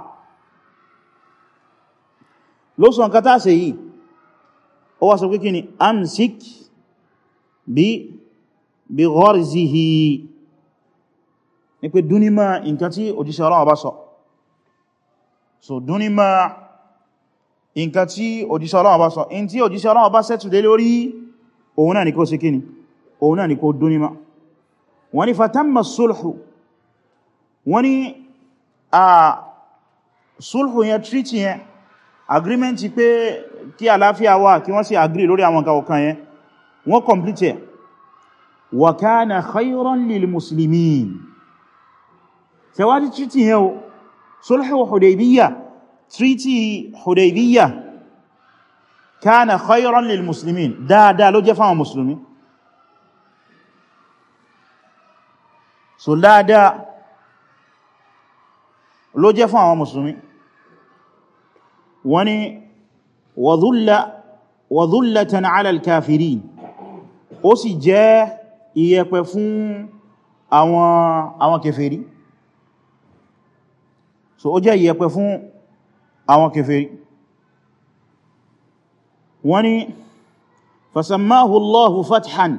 ló sọ nǹkan táà ṣe yìí ó wá sọ pé kí ni amsik bí bí gharzihi ní pé dúnímà nǹkan tí òjíṣẹ́ Ọlọ́run bá sọ so dúnímà nǹkan tí òjíṣẹ́ Ọlọ́run bá sọ in tí òjíṣẹ́ Ọlọ́run bá sẹ́tù dé lórí òun náà ni kó ṣe kí ni a sulhu yẹn treaty yẹn agreement pé kí àláfíà wà kí wọ́n sì agree lórí àwọn nǹkan ọ̀kan yẹn wọ́n complete yẹn wa kana khayran lil muslimin tẹwàá treaty yẹn o sulhu Hudaybiyah treaty Hudaybiyah kana khayran lil muslimin dáadáa ló jẹ́ fáwọn musulmi so dáadáa ló jẹ́ fún àwọn mùsùlùmí wọ́n ni wa dhullatan ala al-kafirin ó sì jẹ́ ìyẹ̀pẹ̀ fún àwọn kèfèrí so ó jẹ́ ìyẹ̀pẹ̀ fún àwọn kèfèrí wọ́n ni fasammahu Allahu fathan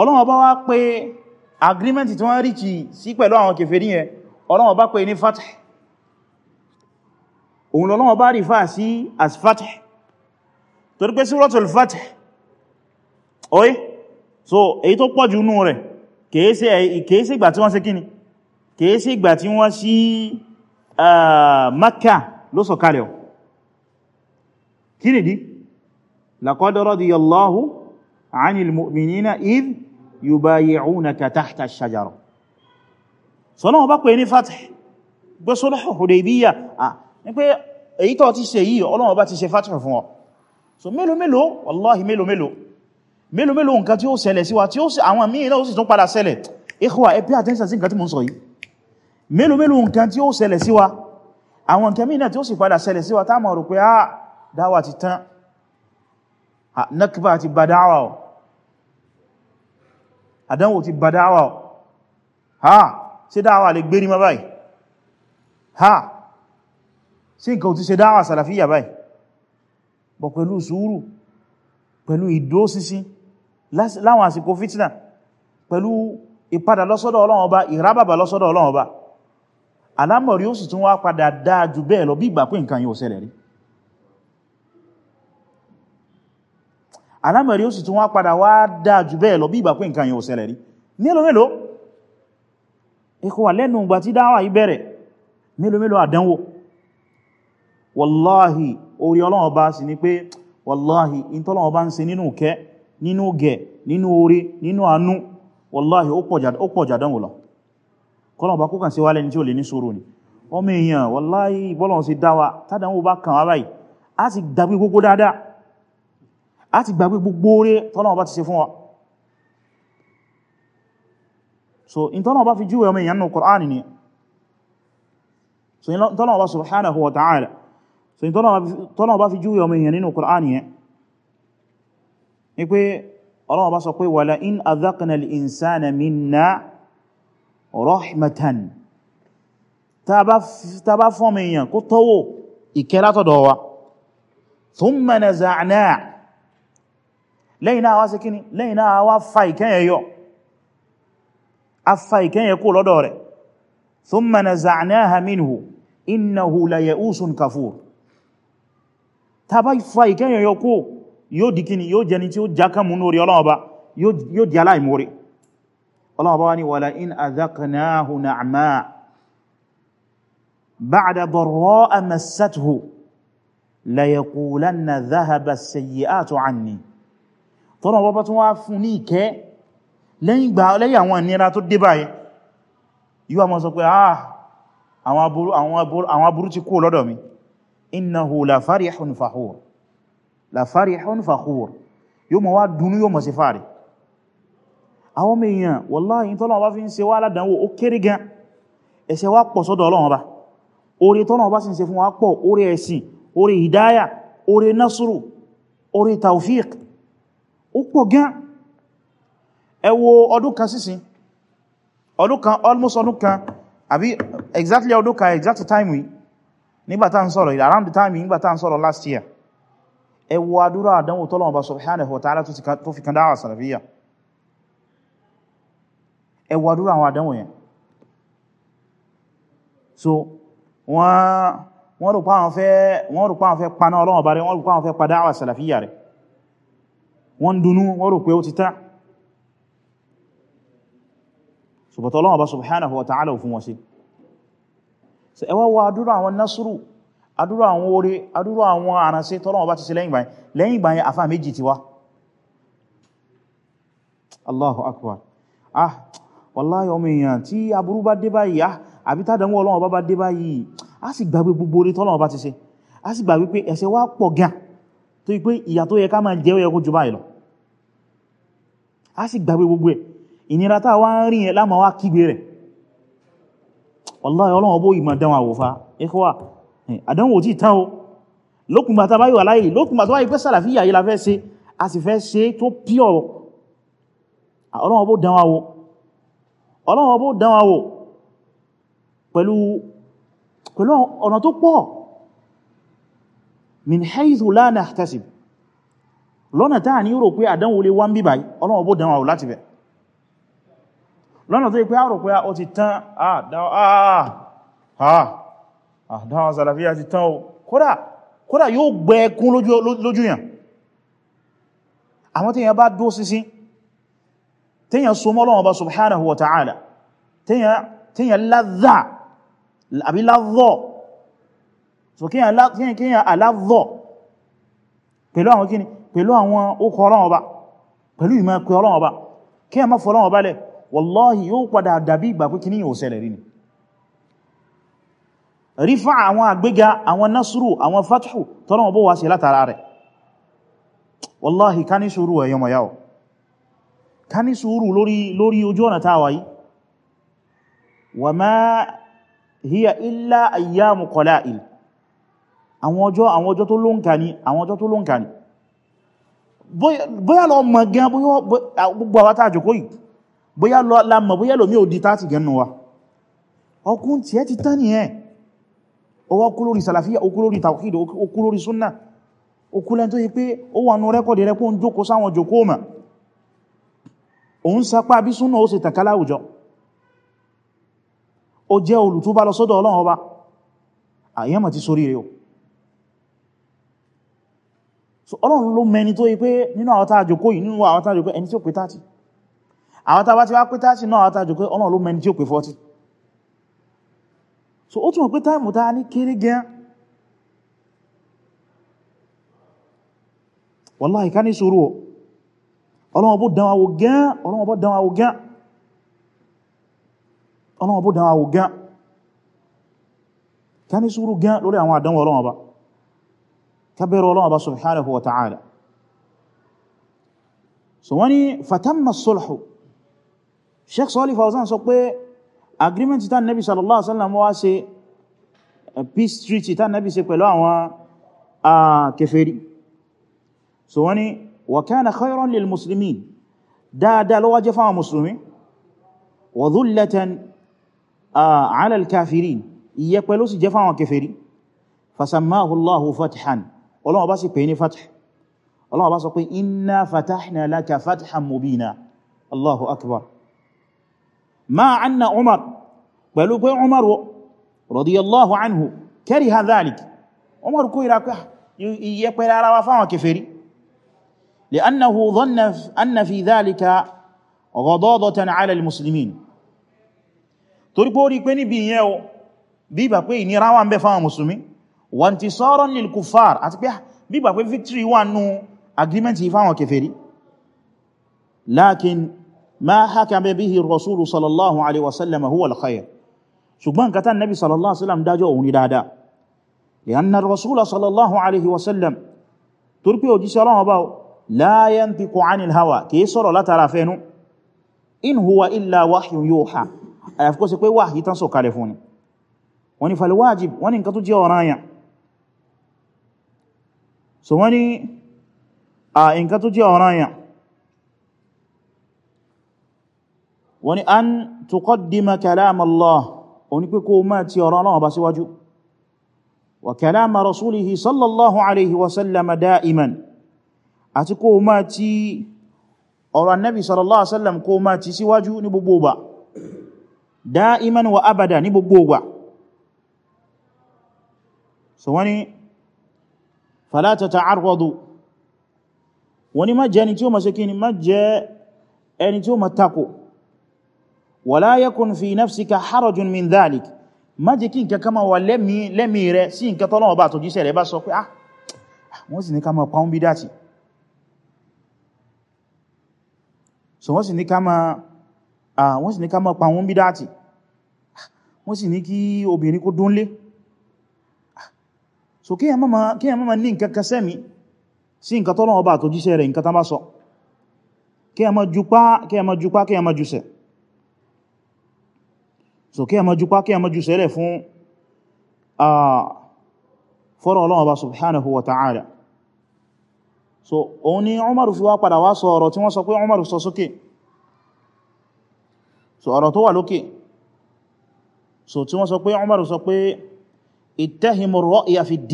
ọlọ́wọ́ bá wá pé agreement tí wọ́n rí kì sí pẹ̀lú àwọn kèfèrí yẹn Ọlọ́run bá pè ní fatih òun lọ́lọ́wọ́ bá rí fà sí as fatih torí pé suratul fatih oye so èyí tó pọ̀jù nú rẹ̀ kèése ìgbà tí wọ́n ṣe kíni kèése ìgbà tí wọ́n sí Makkah ló sọ̀kalẹ̀ ọ̀ kí nìdí laqad yubayi'unaka tahta ash-shajara sọ́lọ́wọ́ bá pè ní fatih gbé sọ́lọ́hù Hudaybiyya ní pé èyí tó ti ṣe yìí Ọlọ́run bá ti ṣe fatih fún ọ so mélòó mélòó wallahi mélòó mélòó mélòó mélòó nǹkan tí ó ṣẹlẹ̀ sí wa tí ó sì àwọn míì náà ó sì tún padà ṣẹlẹ̀ ikhwa ẹ pay attention sí nǹkan tí mo ń sọ yìí mélòó mélòó nǹkan tí nakba ti badáwà àdánwò ti badáwà ha ṣe dáwà lè gbérí ma báyìí ha sí nǹkan ò ti ṣe dáwà sàlàfíyà báyìí bọ̀ pẹ̀lú sùúrù pẹ̀lú ìdósísí láwọn àsìkò fitna pẹ̀lú ìpadà lọ́sọ́dọ̀ Ọlọ́run Ọba ìrábàbà lọ́sọ́dọ̀ Ọlọ́run Ọba alámọ̀rí ó sì tún wá padà dáa jù bẹ́ẹ̀ lọ bí ìgbà pé nǹkan yóò ṣẹlẹ̀ rí alámọ̀rí ó sì tún wá padà wá dáa jù bẹ́ẹ̀ lọ bí ìgbà pé nǹkan yóò ṣẹlẹ̀ rí nílò mélòó ikọwà lẹ́nu ìgbà tí dáwà ìbẹ̀rẹ̀ mélòó mélòó àdánwò wallahi orí ọlọ́wọ́ bá sí ni pé wallahi ìntọ́lọ́wọ́ bá ń ṣe nínú kẹ nínú gẹ̀ nínú orí nínú àánú wallahi ó pọ̀ jàdánwò lọ kọ́lọ̀ bá kúkàn sí wálẹ̀ ní tí ó lè ní sọ̀rọ̀ ni ọmọ èèyàn wallahi bọ́lọ̀ sí dáwà so in tọ́nà ọba fi juwe ọmọ èèyàn nù ni so in tọ́nà ọba subhanahu wa ta'ala so in tọ́nà ọba fi juwe ọmọ èèyàn nínú ni pé olorun bá sọ pé wala in adhaqna al-insana minna rahmatan ta bá fọ́mọ yan kó tọ́wọ́ ìkẹ́ látọ̀dọ̀ wa thumma naza'na leina wá sí leina lẹ́yìn náà wá fa yo afa ìkẹyẹ kó lọ́dọ̀ rẹ̀ thumma naza'naha minhu innahu la ya'usun kafur ta bá fa ìkẹyẹ yọ kó yóò di kíni yóò jẹni tí ó jákàmù lórí ọlọ́ọ̀ba yóò di aláìmórí ọlọ́ọ̀ba wá ní wala lẹ́yìn gbà lẹ́yìn àwọn ìnira tó dé báyìí yíwa mọ́ sọ pé ah àwọn aburú ti kú lọ́dọ̀ mi innahu la farihun fakhur la farihun fakhur yóò mọ̀ wá dúnú yóò mọ̀ sí fàárí àwọn èèyàn wallahi tọ́lọ̀ ẹ ọdún kan sísìn ọdún kan almost ọdún kan àbí exactly ọdún kan exact time we, nígbàtà ń sọ̀rọ̀ around the time yìí nígbàtà ń sọ̀rọ̀ last year ẹ wo àdúrà àdánwò tọ́lọ̀ ọba subhanahu wa ta'ala tó fi kan dáwà sàràfíyà ẹ wo àwọn àdánwò yẹn so wọ́n rò páwọn fẹ́ paná ọlọ́wọ̀ bá rẹ̀ wọ́n rò páwọn fẹ́ padà àwà sàràfíyà rẹ̀ wọ́n dunú wọ́n rò pé ó ti tán ṣùgbọ́n Ọlọ́run Ọba subhanahu wa ta'ala fún wọn sí ṣe ẹwà wa adúrú àwọn nasuru adúrú àwọn orí adúrú àwọn àránṣẹ́ t'Ọlọ́run Ọba ti ṣe lẹ́yìn ìgbàyẹn lẹ́yìn ìgbàyẹn afá méjì ti wá Allahu akbar ah wallahi ọmọ èèyàn tí aburú bá dé báyìí ah àbí tádàmú Ọlọ́run Ọba bá dé báyìí a sì gbàgbé gbogbo orí t'Ọlọ́run Ọba ti ṣe tó yí pé ìyà tó yẹ ká máa jẹ́ ó jù báyìí lọ a sì gbàgbé gbogbo ẹ̀ ìnira tá wá ń rí yẹn lámà wá kígbe rẹ̀ wallahi ọlọ́wọ́ bó ìmọ̀ dánwà wòfá ẹkọ́wà àdánwò tí tán o lókùnbà tàbá yíwà láyé lókùnbà tàbá ìpẹ́ sàlàfíyà yìí la fẹ́ ṣe a sì fẹ́ ṣe tó píọ̀ ọlọ́wọ́ bó dánwà wò ọlọ́wọ́ bó dánwà wò pẹ̀lú pẹ̀lú ọ̀nà tó pọ̀ min haythu la nahtasib lọ́nà táà ní rò pé àdánwò lè wá ń bíbáyí ọlọ́wọ́ bó dánwà láti bẹ̀rẹ̀ lọ́nà tó yí pé àrò pé ó ti tán àdáwà sàlàfíà ti tán o kódà yóò gbẹ ẹkún lójúyàn àwọn tíyàn bá dó sísí tíyàn so mọ́ Ọlọ́run Ọba subhanahu wa ta'ala tíyàn láàdá àbí láàdọ́ so kíyàn aláàdọ́ pẹ̀lú àwọn kíni pẹ̀lú àwọn okọ̀ Ọlọ́run Ọba pẹ̀lú ìmọ̀ pẹ̀ Ọlọ́run Ọba kíyàn má fọ́ Ọlọ́run Ọba lẹ́ wallahi yóò padà dàbí ìgbà pé kíní yóò ṣẹlẹ̀ rí ni rífà àwọn àgbéga àwọn nasru àwọn fathu tọ́lọ́wọ́ bó wá sí látara rẹ̀ wallahi ká ní sùúrù ẹ̀yọ́ mọ̀ yáò ká ní sùúrù lórí lórí ojú ọ̀nà táwà yìí wa ma hiya illa ayyamu qala'il àwọn ọjọ́ àwọn bóyá lámọ̀ bóyá lómi ò di tààtì gẹnu wa ọkùn tí ẹ ti tán ní ẹ ọwọ́ kú lórí sàlàfíà okú lórí tàwíìdì okú lórí súnnà okú lẹ́n tó yí pé ó wà nú rẹ́kọ̀dì rẹ̀ pọ́ ń jókó sáwọn jókó mà òun sapá bí súnnà ó sì tàkà láwùjọ ó jẹ́ olùtúbá lọ sọ́dọ̀ ọlọ́run ọba àyẹ́mà ti sórí rẹ̀ o ọlọ́run tó yí pé nínú àwọn tàà jókó yìí nínú àwọn tàà jókó ẹni tí ó pé tààtì àwọn tàbá ti wá pé tàṣì náà àtàjò pé ọlọ́run ló mẹni tí ó pè 40 so ó túnmọ̀ pé táìmù tàà ní kéré gẹn wallahi ká ní sùúrù ọlọ́run bó dánwàwò gẹn ọlọ́run bó dánwàwò gẹn ọlọ́run bó dánwàwò gẹn ká ní sùúrù gẹn lórí àwọn àdánwò ọlọ́run so wani fatamma sulhu Sheikh Salih Fawzan sọ pé agreement tí Nabi sallallahu alaihi wasallam wá ṣe peace treaty tí Nabi ṣe pẹ̀lú àwọn kèfèrí so wọ́n ní wa kana khayran lil muslimin dáadáa ló wá jẹ́ fáwọn musulmi wa dhullatan ala al kafirin iye pẹ̀lú sì jẹ́ fáwọn kèfèrí fasammahu Allahu fathan Ọlọ́run bá sì pè ní fath Ọlọ́run bá sọ pé inna fatahna laka fathan mubina Allahu akbar ma anna umar pẹ̀lú pé umar radiyallahu anhu kariha dhalik umar kó ìrà pé iye pẹ̀lẹ̀ ara wa fáwọn kèfèrí li'annahu dhanna anna fi dhalika ghadadatan 'ala al-muslimin torí pé ó rí pé níbi ìyẹn o bíbà pé ìnira wà ń bẹ fáwọn musulmi wa intisaran lil kuffar àti pé ah, bíbà pé victory wà nú agreement yìí fáwọn kèfèrí ma hakama bihi rasulu sallallahu alaihi wasallam huwa al-khayr ṣùgbọ́n nǹkan tán nabi sallallahu alaihi wasallam dájọ́ òun ni dáadáa lianna rasula sallallahu alaihi wasallam turpi òjíṣẹ́ Ọlọ́run ba la yantiqu anil hawa kì í sọ̀rọ̀ látara fẹ́nu in huwa illa wahyun yuha of course pé wahyi tán sọ̀ kalẹ̀ fún ni wani fal wajib wani nǹkan tó jẹ́ ọ̀ranyàn so wani a nǹkan tó jẹ́ ọ̀ranyàn wọ́n ni an tuqaddima kalam Allah oní pé kó máa ti ọ̀rọ̀ Ọlọ́run bá síwájú wa kalama rasulihi sallallahu alaihi wasallam da'iman àti kó máa ti ọ̀rọ̀ annabi sallallahu alaihi wasallam kó máa ti síwájú ní ma ṣe ẹni tí ó ma tako wala yakun fi nafsika harajun min dhalik má jẹ́ kí nǹkan kama wà lẹ́mí rẹ sí nǹkan tọ́lọ́wọ́ bá tòjíṣẹ́ rẹ̀ bá sọ pé ah wọ́n sì ní ká máa pàún bí dáti so wọ́n sì ní ká máa pàún bí dáti wọ́n sì ní kí obìnrin kó dúnlé so kí ẹ máa ní nǹkan kasẹ́mi sí nǹkan tọ́lọ́wọ́ bá tòjíṣẹ́ rẹ̀ nǹkan tán bá sọ kí ẹ máa jupá kí ẹ máa jupá kí ẹ máa jùsẹ̀ so kí a mọ́jú pá kí a mọ́jú sẹ́lẹ̀ fún fọ́rọ̀ Ọlọ́run Ọba subhanahu wa ta'ala so òun ni Umaru fi wá padà wá sọ ọ̀rọ̀ tí wọ́n sọ pé Umaru sọ sókè so ọ̀rọ̀ tó wà lókè so tí wọ́n sọ pé Umaru sọ pé ittahimu ar fi ad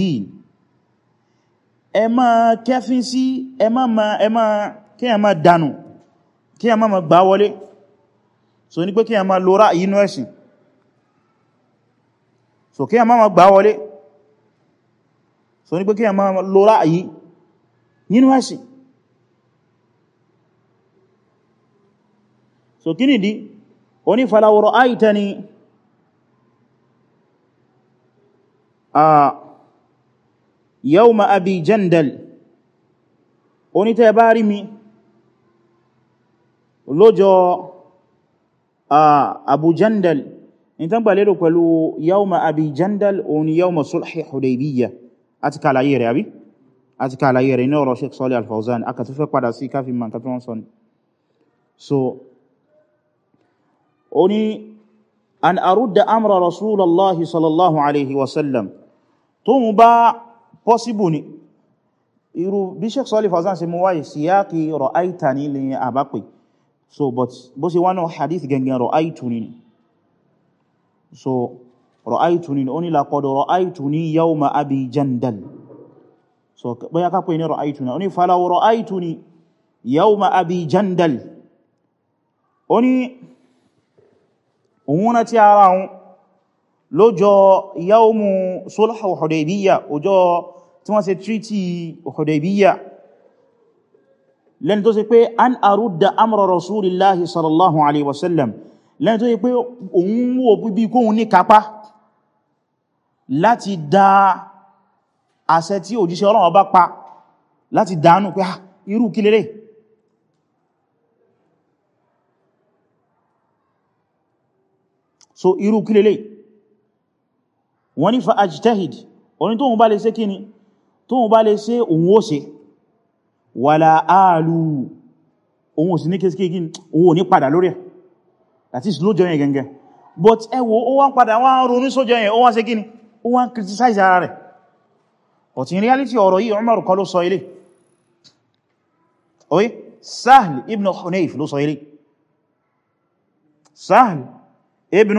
ẹ ma kẹfin sí ẹ ma ma ẹ ma kí a ma dànù kí a ma ma gbá wọlé so ní pé kí a ma lóra inú ẹ̀sìn so kí a máa gbà wọlé so ní pé kí a máa lo ráàyí nínú ẹ̀sìn so kí nìdí oní falawọ̀rọ̀ àìta ni a yawma abi jandal oní tẹ́ bá rí mi lọ́jọ́ abu jandal ìtàn gbà lérò pẹ̀lú yawma abi jandal òun ni yawma sulhi hudaybiya àti kàlàyé rẹ̀ àbí àti kàlàyé rẹ̀ ní ọ̀rọ̀ sheikh sọ́lẹ̀ al-Fawzan aka tó padà sí káfí ma nǹkan sọ ni so ó ní an arudda amra rasulallahi sallallahu alaihi wasallam tó mú bá pọ́síbù ni irú bí sheikh sọ́lẹ̀ al-Fawzan ṣe mú wáyé siyaqi ra'aytani lè àbápẹ̀ so but bó ṣe wánà hadith gangan ra'aytuni ni so ra'aytuni ó ní laqad ra'aytuni yawma abi jandal so bóyá kápẹ́ ní ra'aytuni ó ní falaw ra'aytuni yawma abi jandal ó ní òun náà tí ara òun lójọ́ yawmu sulh Hudaybiyya ọjọ́ tí wọ́n ṣe treaty Hudaybiyya lẹ́ni tó ṣe pé an arudda amra rasulillahi sallallahu alaihi wasallam lẹ́yìn tó yẹ pé òun wò bí kóhun ní kápá láti dá àṣẹ tí òjíṣẹ́ Ọlọ́run bá pa láti dánú pé ah, irú kí lélẹ̀ so irú kí lélẹ̀ wọ́n ní fa ajtahid oní tóhun bá lè ṣe kíni tóhun bá lè ṣe òun ó ṣe wàlà áàlù òun ò sí ní kéèkéèkì òun ò ní padà lórí ẹ̀ that is lójọ yẹn gẹngẹn but ẹwọ ó wá ń padà wá ń ronú sójọ yẹn ó wá ṣe kíni ó wá ń criticize ara rẹ̀ but in reality ọ̀rọ̀ yìí Umar kọ́ ló sọ ilé oye Sahl ibn Hunayf ló sọ ilé Sahl ibn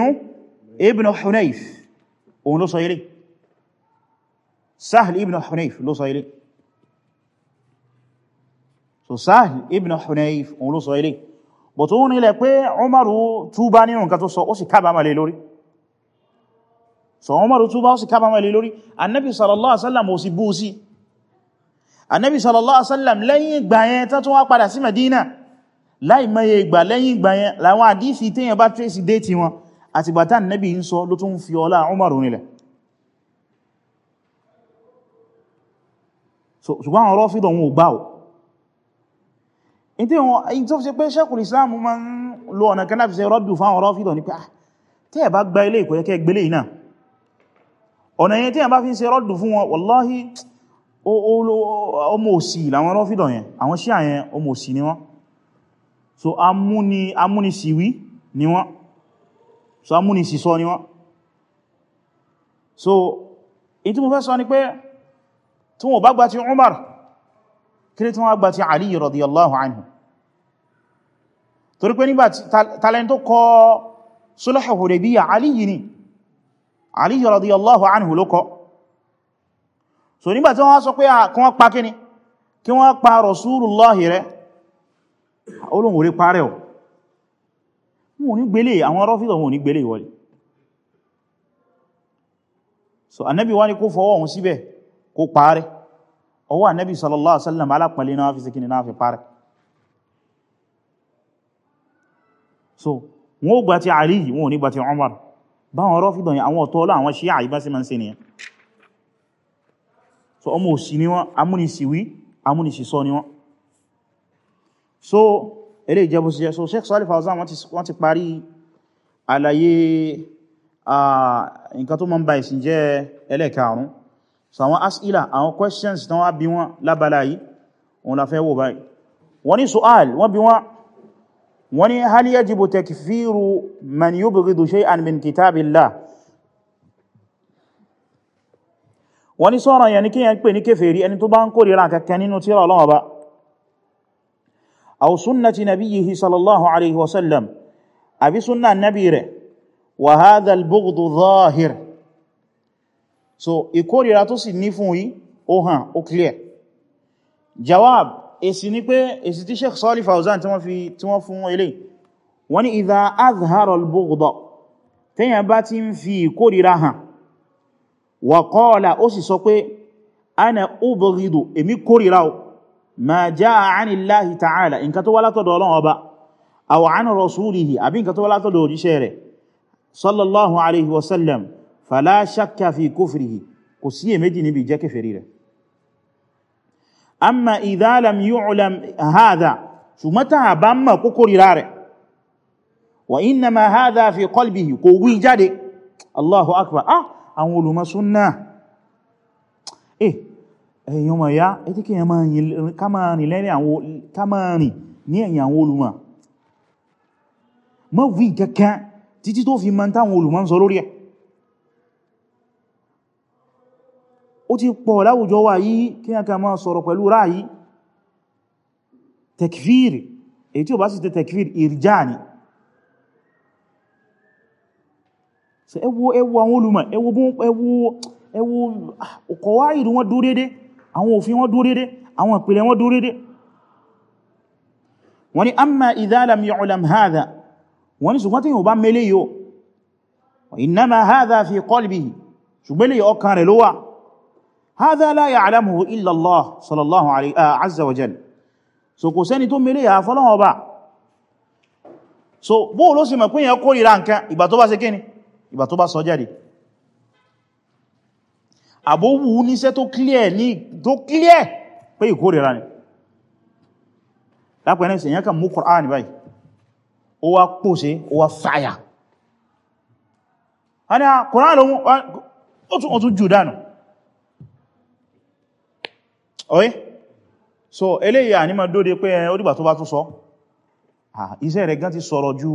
ibn Hunayf òun ló sọ ilé Sahl ibn Hunayf ló sọ ilé so Sahl ibn Hunayf òun ló sọ ilé bọ̀ tó ní ilẹ̀ pé Umaru túbá nínú nǹkan tó sọ ó sì kábàámà lé lórí so Umaru túbá ó sì kábàámà lé lórí annabi sallallahu alaihi wasallam ó sì bú sí annabi sallallahu alaihi wasallam lẹ́yìn ìgbà yẹn tó tún wá padà sí Medina láì mẹ́yẹ ìgbà lẹ́yìn ìgbà yẹn làwọn àdífì téèyàn bá tracy déètì wọn àti ṣùgbọ́n àwọn rọ́fídọ̀ wọn ò gbáwọ̀ ìdí wọn èyí tó fi ṣe pé ṣẹ́kùn islam ma ń lo ọ̀nà kan láti ṣe rọ́dù fáwọn ọ̀rọ̀ fìdọ̀ ní pé ah, tẹ́ ẹ̀ bá gba ilé ìkọ̀ yẹ́kẹ́ gbélé iná ọ̀nà yẹn tẹ́ ẹ̀ bá fi ṣe rọ́dù fún wọn wallahi ọmọ òsì làwọn ọ̀rọ̀ fìdọ̀ yẹn àwọn ṣíà yẹn ọmọ ni wọ́n so amúni ni wọ́n so amúni ni wọ́n so èyí tí mo fẹ́ sọ ni pé tí wọ́n bá gba ti Umar kí ni tí wọ́n torí pé nígbà talent tó kọ Sulhu Hudaybiyah Aliyu ni Aliyu radiyallahu anhu ló kọ so nígbà tí wọ́n sọ pé ah, kí wọ́n pa kíni kí wọ́n pa Rasulullahi rẹ̀ olóhùn orí parẹ́ ọ̀ wọn ò ní gbélé àwọn rọ́fíìsì wọn ò ní gbélé ìwọlé so annabi wá ní kó fọwọ́ òun síbẹ̀ kó ọwọ́ annabi sallallahu alaihi wasallam alápàlẹ́ fi síkini náà fi parẹ́ so wọ́n ó gbà ti Ali wọ́n ò ní gbà ti Umar báwọn Rọ́fídọ̀ yẹn àwọn ọ̀tọ́ ọlọ́ àwọn Ṣíà ìbá sí máa ń ṣe nìyẹn so ọmọ òsì ni wọ́n amúnisìwí amúnisìsọ ni wọ́n so eré ìjẹbù sí ẹ so Sheikh Salih Fawzan wọ́n ti parí àlàyé nǹkan tó mọ́ ń ba ìsìn jẹ́ ẹlẹ́karùn-ún so àwọn as'ila àwọn questions tán wá bí wọ́n lábala yìí òun la fẹ́ wò báyìí wọ́n ní soal wọ́n bí wọ́n wọ́n ní hal yajibu takfiru man yubghidu shay'an min kitabillah wọ́n ní sọ́rọ̀ yẹn ni kí yẹn pè ní kèfèrí ẹni tó bá ń kórìíra kankan nínú tírà Ọlọ́run Ọba aw sunnati nabiyyihi sallallahu alaihi wasallam àbí sunna nabi rẹ̀ wa hadha al zahir so ìkórìíra tó sì ní fún yí ó hàn ó clear jawab èsì ni pé èsì tí Sheikh Salih Fawzan tí wọ́n fi tí wọ́n fún ilé wọ́n ni idha azhara al-bughda tẹ́yàn bá ti ń fi ìkórira hàn wa qala ó sì sọ pé ana ubghidu èmi kórira o ma jaa anillahi ta'ala nǹkan tó wá látọ̀dọ̀ Ọlọ́run tó wá látọ̀dọ̀ òjíṣẹ́ amma idha lam yu'lam hadha ṣùgbọ́n tàà bá mọ̀ kókò rí rárẹ̀ wa innama hadha fi qalbihi kò wí jáde allahu akbar ah àwọn olùmọ̀ súnnà eh ẹ̀yàn mọ̀ ya ẹ̀tí kí kamarin lẹ́rin àwọn kamarin ní ẹ̀yìn àwọn olùmọ̀ mọ̀ wí kẹ́kẹ́ títí tó fi mọ́ táwọn olùmọ̀ ń sọ lórí ẹ̀ ó ti pọ̀ láwùjọ wa yìí kí a ká máa sọ̀rọ̀ pẹ̀lú ráyí tekfir èyí tí ó bá sì tẹ tekfir ìrìjá ni so ẹwọ ẹwọ àwọn olùmọ̀ ẹwọ ẹwọ ah, ọkọ̀wá ìrù wọn dúró dédé àwọn òfin wọn dúró dédé àwọn ìpìlẹ̀ wọn dúró dédé wọ́n ni amma idha lam yu'lam wọ́n ni ṣùgbọ́n tí yíò bá mẹ́lẹ̀ yóò innama hadha fi qalbihi ṣùgbẹ́lẹ̀ ọkàn rẹ̀ ló هذا لا يعلمه إلا الله صلى الله عليه wa jal so kò sẹ́ni tó mẹ́lẹ̀ yà fọ́lọ́wọ́ bá so bó ló sì mọ̀ pín yẹn kórìíra nǹkan ìgbà tó bá ṣe kíni ìgbà tó bá sọ jáde àbówù níṣẹ́ tó clear ní tó clear pé ìkórìíra ni lápẹ̀ẹ́nà ìsẹ̀yàn kan mú Qur'an báyìí ó wá pòṣe ó wá fàyà a ah, jù dánù ọ̀rẹ́ so eléyìí àníma dóde pé ó dìgbà tó bá tún sọ iṣẹ́ rẹ̀ gan ti sọ̀rọ̀ ju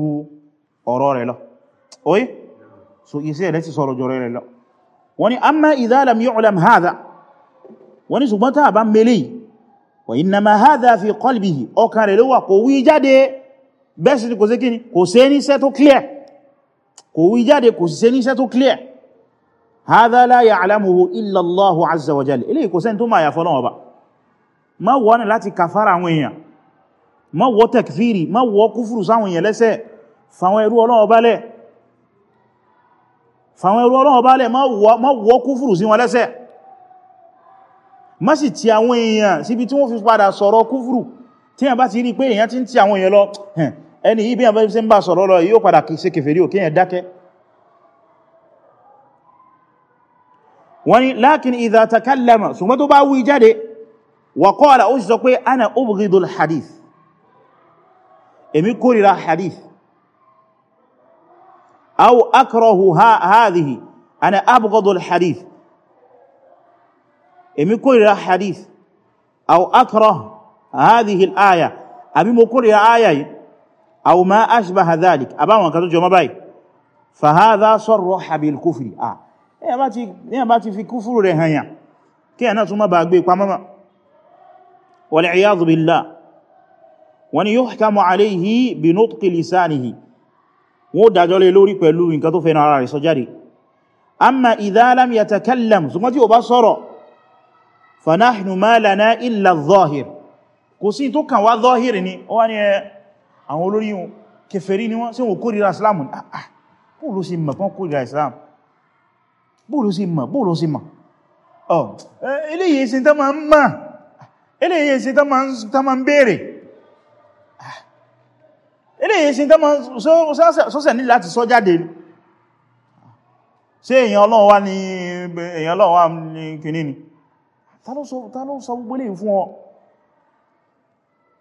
ọ̀rọ̀ rẹ̀ lọ ọ̀rẹ́ so iṣẹ́ rẹ̀ ti sọ̀rọ̀ ju ọ̀rọ̀ rẹ̀ lọ wọ́n ni amma idha lam yu'lam hadha wọ́n ni ṣùgbọ́n tàbá mele wa innama hadha fi qalbihi ọkàn rẹ̀ ló wà kò wí jáde bẹ́ẹ̀ sí kò sí kíni kò sí ní iṣẹ́ tó clear kò wí ma wọ́ ní láti kàfàrà àwọn èèyàn ma wọ́ tẹ̀kfìrì ma wọ́ kúfùrù sáwọn èèyàn lẹ́sẹ̀ fàwọn ẹrú Ọlọ́run balẹ̀ ma wọ́ kúfùrù sí wọn lẹ́sẹ̀ ma sì ti àwọn èèyàn síbi tí wọ́n fi padà sọ̀rọ̀ kúfùrù tí a bá ti rí pé èèyàn ti ń ti àwọn èèyàn lọ ẹni yìí bí a bá ṣe ń bá sọ̀rọ̀ lọ yóò padà ṣe kèfèrí ò kíyàn dákẹ́ wọ́n ni lákin idha ṣùgbọ́n tó bá wí jáde wàkọ́ọ̀lá ó sì sọ pé ana obìnrin hadith èmi kórìíra hadith aw akrahu hadhihi ana abghadul hadith èmi kórìíra hadith aw akrahu hadhihi al-aya àbí mo kórìíra aya yìí aw ma ashbaha dhalik àbáwọn kan tó jọ mọ́ báyìí fa hadha sarraha bil kufri ah ẹ̀yà bá ti fi kúfúrú rẹ̀ hanyà kí ẹ̀nà tún má bá gbé pamọ́mọ́ والعياذ بالله wọ́n yuhkamu alayhi bi nutqi lisanihi wọ́n dájọ́ lé lórí pẹ̀lú nǹkan tó fẹ́nu ara rẹ̀ sọ jáde amma idha lam yatakallam ṣùgbọ́n tí ó bá sọ̀rọ̀ fa nahnu ma lana illa adh-dhahir kò sí tó kàn wá dhahir ni ó wá ní eh, àwọn olórí kèfèrí ni wọ́n sí ah, ah. wọ́n kórìíra islam bóòlù sí mọ̀ pọ́n kórìíra islam bóòlù sí mọ̀ bóòlù sí mọ̀ ọ̀ eléyìí sí tán máa ń máa eléyìí ṣe tán ma ń bèèrè ah. eléyìí ṣe tán ma sọ́sẹ̀ ní láti sọ jáde ṣe èyàn ọlọ́run wá ní èyàn ọlọ́run wá ní kìíní ni ta ló sọ gbogbo lè fún ọ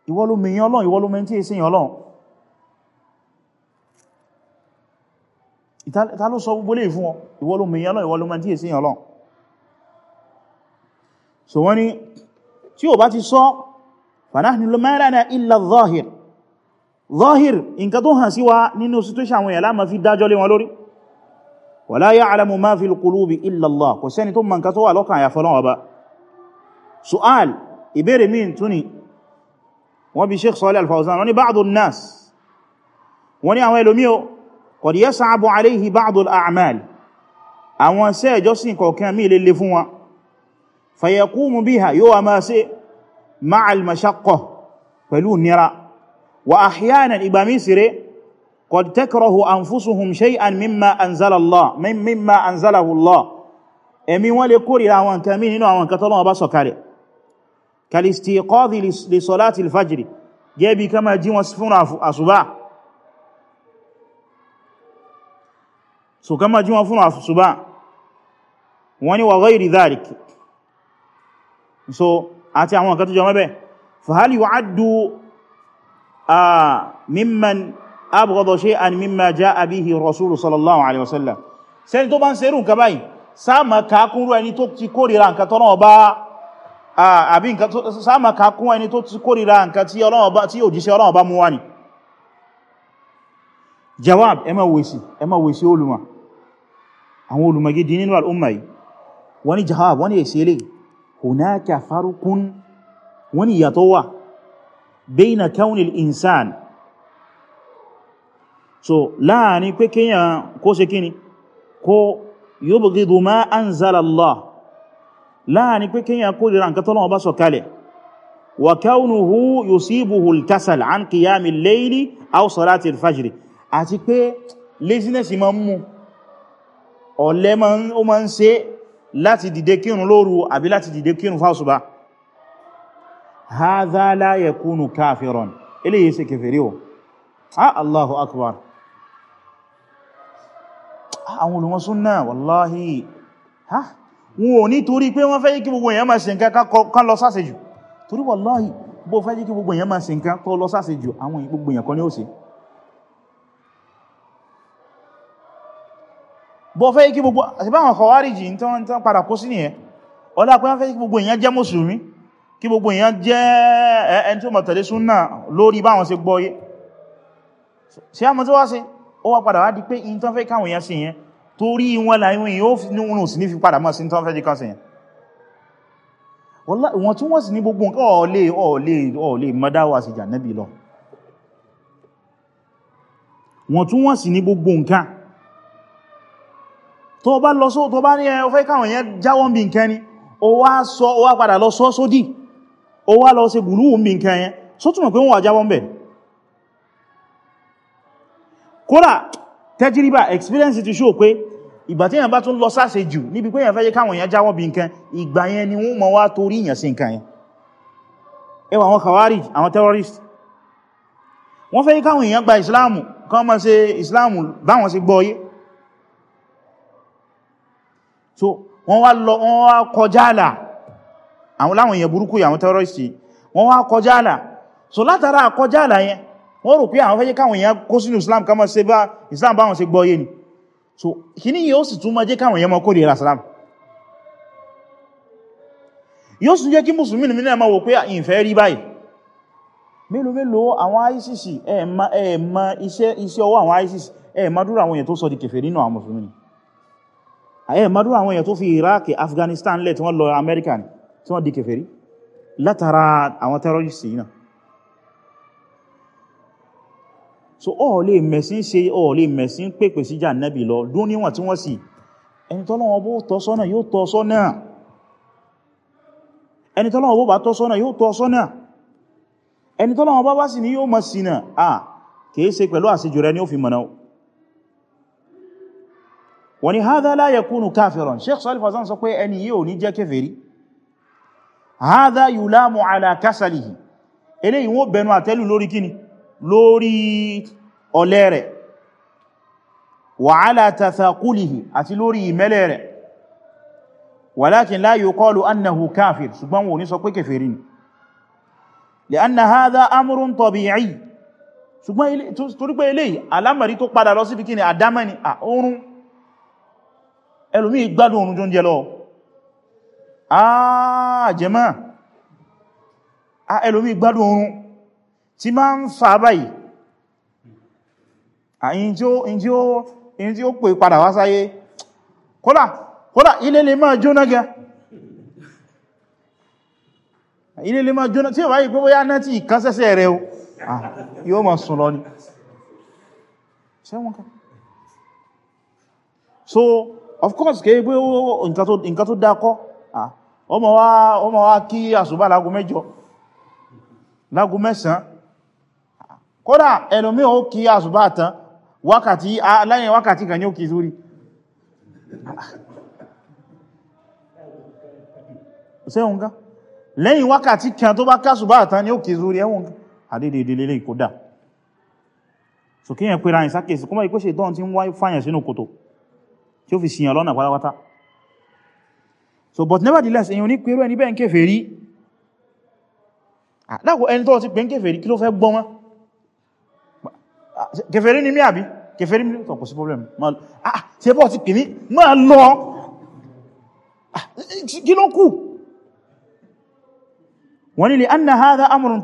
ìwọ ló mẹ́yàn ọlọ́run ìwọ ló mẹ́ tí è ṣèyàn ọlọ́run ta ló sọ gbogbo lè fún ọ ìwọ ló ọlọ́run ìwọ tí è ṣèyàn ọlọ́run tí ó bá ti sọ fanahnu ma lana illa zahir zahir nǹkan tó hàn sí wa nínú situation àwọn yàlá ma fi dájọ́ lé wọn lórí wala ya'lamu ma fi al-qulubi illa Allah kò sẹ́ni tó mọ̀ nǹkan tó wà lọ́kàn àyàfi Ọlọ́run Ọba su'al ìbéèrè míì tún ni wọ́n bí Shaykh Saalih Al Fawzān wọ́n ní ba'du àwọn ẹlòmíì o qad yas'abu alayhi ba'du al àwọn iṣẹ́ ìjọsìn kọ̀ọ̀kan lè fún wọn fayakumu biha yóò wà máa ṣe ma'al mashaqqa pẹ̀lú nira wa ahyanan ìgbà mí sire qad takrahu anfusuhum shay'an mimma anzala Allah mimma anzalahu Allah ẹ̀mí wọ́n lè kórìíra àwọn nǹkan mí nínú àwọn nǹkan tí Ọlọ́run bá sọ̀kalẹ̀ kalistiqadhi li salati al-fajr gẹ́bí kama jí wọn fún àṣùbá so kama jí wọn fún àṣùbá wọ́n wa ghayri dhalik so àti àwọn nǹkan tó jọ mẹ́bẹ̀ fàhálì wà ádù à mímman abghada shay'an mimma ja'a bihi rasúlù sallallahu alaihi wasallam sẹ́ni tó bá ń serú nǹkan báyìí sáàmà kàákúnrú ẹni tó ti kórìíra nǹkan tọ́nà ọba àbí sáàmà kàákún ẹni tó ti kórìíra nǹkan tí òjíṣẹ́ ọlọ́ọ̀bá mú wá ni jawab ẹ máa wèsì ẹ máa wèsì olùmọ̀ àwọn olùmọ̀ gidi nínú al'umma yìí wọ́n ní jawab wọ́n ní èsì eléyìí hunaka farukun wọ́n ni ìyàtọ̀ wà bayna kaunil insan so láàrin pé kíyàn kó ṣe kíni kó yubghidu ma anzala Allah láàrin pé kíyàn kó lè ra nǹkan tọ́lọ́wọ́ bá sọ̀kalẹ̀ wa kaunuhu yusibuhu al-kasal an qiyami al-layli aw salati al-fajr àti pé laziness ma mú ọ̀lẹ ma ń ṣe láti dìde kírun lóru àbí láti dìde kírun fásubá hadha la yakunu kafiran ilé yìí ṣe kèfèrí o ha ah, allahu akbar ah, àwọn olùwọ́n súnnà wallahi ha ah, wọn ò ní torí pé wọ́n fẹ́ yí gbogbo èyàn máa ṣe nǹkan kan lọ sáṣejù torí wallahi bó fẹ́ yí gbogbo èyàn máa ṣe nǹkan tó lọ sáṣejù àwọn gbogbo èyàn kan ní ó ṣe bọ́ fẹ́ kí gbogbo àṣìbáwọn kọwàríjì tán tán padà kó sí nìyẹn ọlá pé wọ́n fẹ́ kí gbogbo èèyàn jẹ́ mùsùlùmí kí gbogbo èèyàn jẹ́ ẹni tó mọ̀tẹ̀lé súnnà lórí báwọn ṣe gbọ́yé sí àmọ́ tó wá sí ó wá padà wá di pé in tán fẹ́ káwọn èèyàn sí yẹn torí wọn láyún yóò nínú sí ní fi padà mọ́ sí tán fẹ́ di kan sí yẹn wọ́n tún wọ́n sì ní gbogbo nǹkan ọ̀lẹ́ ọ̀lẹ́ ọ̀lẹ́ mọ́dáwà sí jànẹ́bì lọ wọ́n tún wọ́n sì ní gbogbo nǹkan tó bá lọ só tó bá ní ẹ ó fẹ́ káwọn yẹn jáwọ́ bí nkẹ́ ni ó wá sọ o wá padà lọ sọ́ sódì ó wá lọ sí gùlúù bí nkẹ́ yẹn só túnmọ̀ pé wọ́n wà jáwọ́ bẹ̀ kódà tẹ́jìríbà experience ti show pé ìgbà tí èyàn bá tún lọ sáṣe jù níbi pé èyàn fẹ́ káwọn yẹn jáwọ́ bí nkẹ́ ìgbà yẹn ni wọ́n mọ̀ wá torí èyàn sí nkẹ́ yẹn ẹwà àwọn kàwárì àwọn terrorist wọ́n fẹ́ káwọn èyàn gba ìsìláàmù kan so wọ́n wá lọ wọ́n wá kọjá àlà àwọn láwọn èèyàn burúkú terrorist wọ́n wá kọjá so látara kọjá àlà yẹn wọ́n rò pé àwọn fẹ́ jẹ́ káwọn èèyàn kó Islam ká mọ́ sí bá Islam báwọn ṣe gbọ́yé ni so kìíní yóò sì tún máa jẹ́ káwọn èèyàn mọ́ kó lè ra Islam yóò sì jẹ́ kí mùsùlùmí nìmí ma máa wò pé ìfẹ́ rí báyìí mélòó mélòó àwọn ISIS ẹ̀ẹ̀mọ iṣẹ́ ọwọ́ àwọn ISIS ẹ̀ẹ̀mọ dúró àwọn èèyàn tó sọ di kèfèrí nínú àwọn mùsùlùmí ayẹ́ mọ́rú àwọn èèyàn tó fi Iraq Afghanistan lẹ̀ tí wọ́n lọ Amẹ́ríkà ní tí wọ́n di kèfèrí látara àwọn terrorists náà so ó lè mẹ̀sìn ṣe ó lè mẹ̀sìn pèpè sí jà nẹ́bì lọ dún níwọ̀n tí wọ́n sì ẹni tọ́lọ́wọ́ bó tọ́ sọ́nà yóò tọ́ sọ́nà ẹni tọ́lọ́wọ́ bó bá tọ́ sọ́nà yóò tọ́ sọ́nà ẹni tọ́lọ́wọ́ bá bá sì ní yóò wọ́n ni hadha la yakunu kafiran sheikh Saalih Al Fawzān sọ pé ẹni yíò ní jẹ́ kèfèrí hadha yulamu ala kasalihi eléyìí wọ́n bẹnu àtẹ́lù lórí kíni lórí ọ̀lẹ rẹ̀ wa ala tathaqulihi àti lórí ìmẹ́lẹ̀ rẹ̀ walakin la yuqalu annahu kafir ṣùgbọ́n wọ́n ní sọ pé kèfèrí ni li'anna hadha amrun tabi'i ṣùgbọ́n torípé alámàrí tó padà lọ sí bí kíni àdámẹ́ni àórùn ẹlòmí gbádùn oorun jóúnjẹ lọ ààjẹ́mà ẹlòmí gbádùn oorun tí máa ń fa báyìí àyín tí ó pè padà wá sáyé kódà kódà ilé lè máa jóná gẹ ilé lè máa jóná tí ó báyìí pé bóyá náà tí ìkánsẹ́sẹ́ rẹ̀ o yóò máa sùn lọ ni so of course kí pé nǹkan tó dákọ́ ọmọ wá kí àsùbá lágún mẹ́jọ lágún mẹ́sàn kódà ẹlòmí ó kí àsùbá tán wákàtí lẹ́yìn wákàtí kan ní ó kí zúrí sẹ́hùn ká lẹ́yìn wákàtí kan tó bá kásùbá tán ní ó kí zúrí ẹwùn àdédèdè lè kódà so kíyàn pé ra ìsákèsì kúmọ̀ ìkóṣe dán tí ń wáyé fáyàn sínú kòtò tí ó fi síyàn lọ́nà pátápátá so but nevertheless èyàn ní pẹ̀rú ẹni bẹ́ẹ̀ ń kéfè rí láàkó ẹni tó ti pẹ̀ ń kéfè rí kí ló fẹ́ gbọ́n wọn ah, kéfè rí ni mí àbí kéfè rí mi kò sí problem ah ṣe bọ́ ti pè mí máa lọ ah, kí ló kù wọ́n ni li anna hadha amrun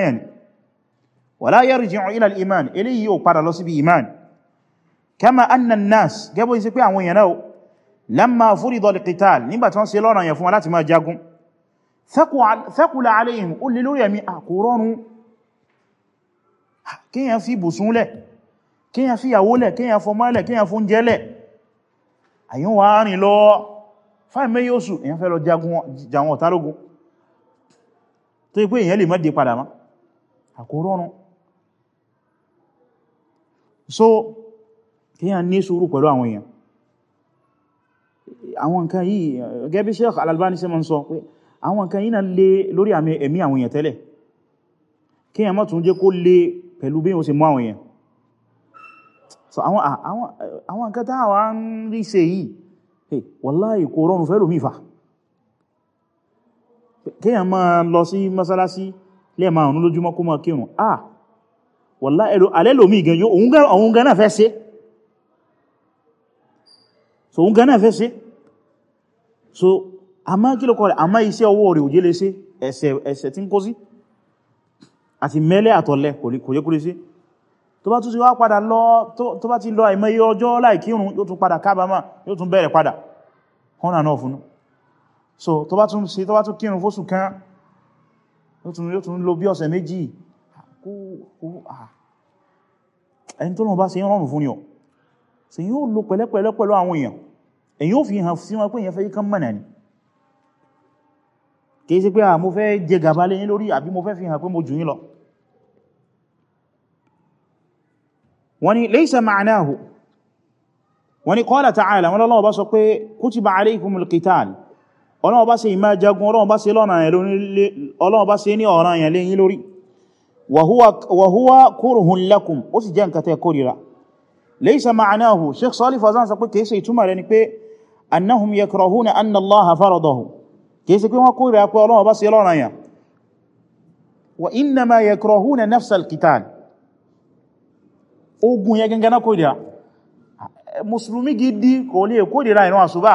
eh, wala yarji'u ila al-iman eléyìí ò padà lọ síbi iman kama anna an-nas gẹ́bọ́ isi pé àwọn èèyàn náà lamma furida al-qital nígbà tí wọ́n ṣe lọ́rọ̀ yẹn fún wa láti máa jagun thaqula alayhim ó lè lórí ẹ̀mí àkórọ́nù kíyàn fi bùsùn lẹ̀ kíyàn fi ìyàwó lẹ̀ kíyàn fọmọ́lẹ̀ so kí yà ní sùúrù pẹ̀lú àwọn èèyàn àwọn nǹkan yìí gẹ́bí Sheikh Al-Albani ṣe ma ń sọ pé àwọn nǹkan yìí na lè lórí ẹ̀mí àwọn èèyàn tẹ́lẹ̀ kí yà tún jẹ́ kó lè pẹ̀lú bí o ṣe mọ́ àwọn èèyàn so àwọn àwọn nǹkan táwà ń rí ṣe yìí wallahi kò rọrùn fẹ́lú mífà kí yà má lọ sí mọ́sálásí lẹ́ẹ̀mà àwọn kó mọ́ kírùn ah wọ́lá alẹ́lòmí gan yóò òun gan náà fẹ́ ṣe so òun gan náà fẹ́ ṣe so a máa kí lókọ̀ rẹ̀ a máa iṣẹ́ ọwọ́ rẹ̀ òjé lè ṣe ẹ̀ṣẹ̀ tí ń kó sí àti mẹ́lẹ́ àtọ̀lẹ̀ kò yẹ kó lè ṣe tó bá tún ti wá padà lọ tó bá ti lọ àìmọye ọjọ́ láìkírun yóò tún padà kábàámà yóò tún bẹ̀rẹ̀ padà hàn náà fún so tó bá tún kírun fóṣù kan yóò tún lò bí ọ̀sẹ̀ méjì ẹni tó lọ́wọ́ bá ṣe rọrùn fún ni ọ̀ ṣe yóò lo pẹ̀lẹ́pẹ̀lẹ́ pẹ̀lú àwọn èèyàn èyí ó fi hàn sí wọn pé èèyàn fẹ́ yí kán mọ̀nà ni kìí sí pé à mo fẹ́ jẹ gàba lé yín lórí àbí mo fẹ́ fi hàn pé mo jù yín lọ wọ́n ni laysa ma'nahu wọ́n wàhúwà kúrùhùn lakum ó sì jẹ́ nǹkan tẹ́ kórìíra laysa ma'anahu Shaykh Saalih Fawzān sọ pé kìí ṣe ìtumọ̀ rẹ̀ ni pé annahum yakrahuna anna Allaha faradahu kìí ṣe pé wọ́n kórìíra pé Ọlọ́run bá ṣe lọ́rọ̀ yà wa innama yakrahuna nafsal qitāl ogun yẹ gangan na kórìíra musulmi gidi kò lè kórìíra ìran àṣùbá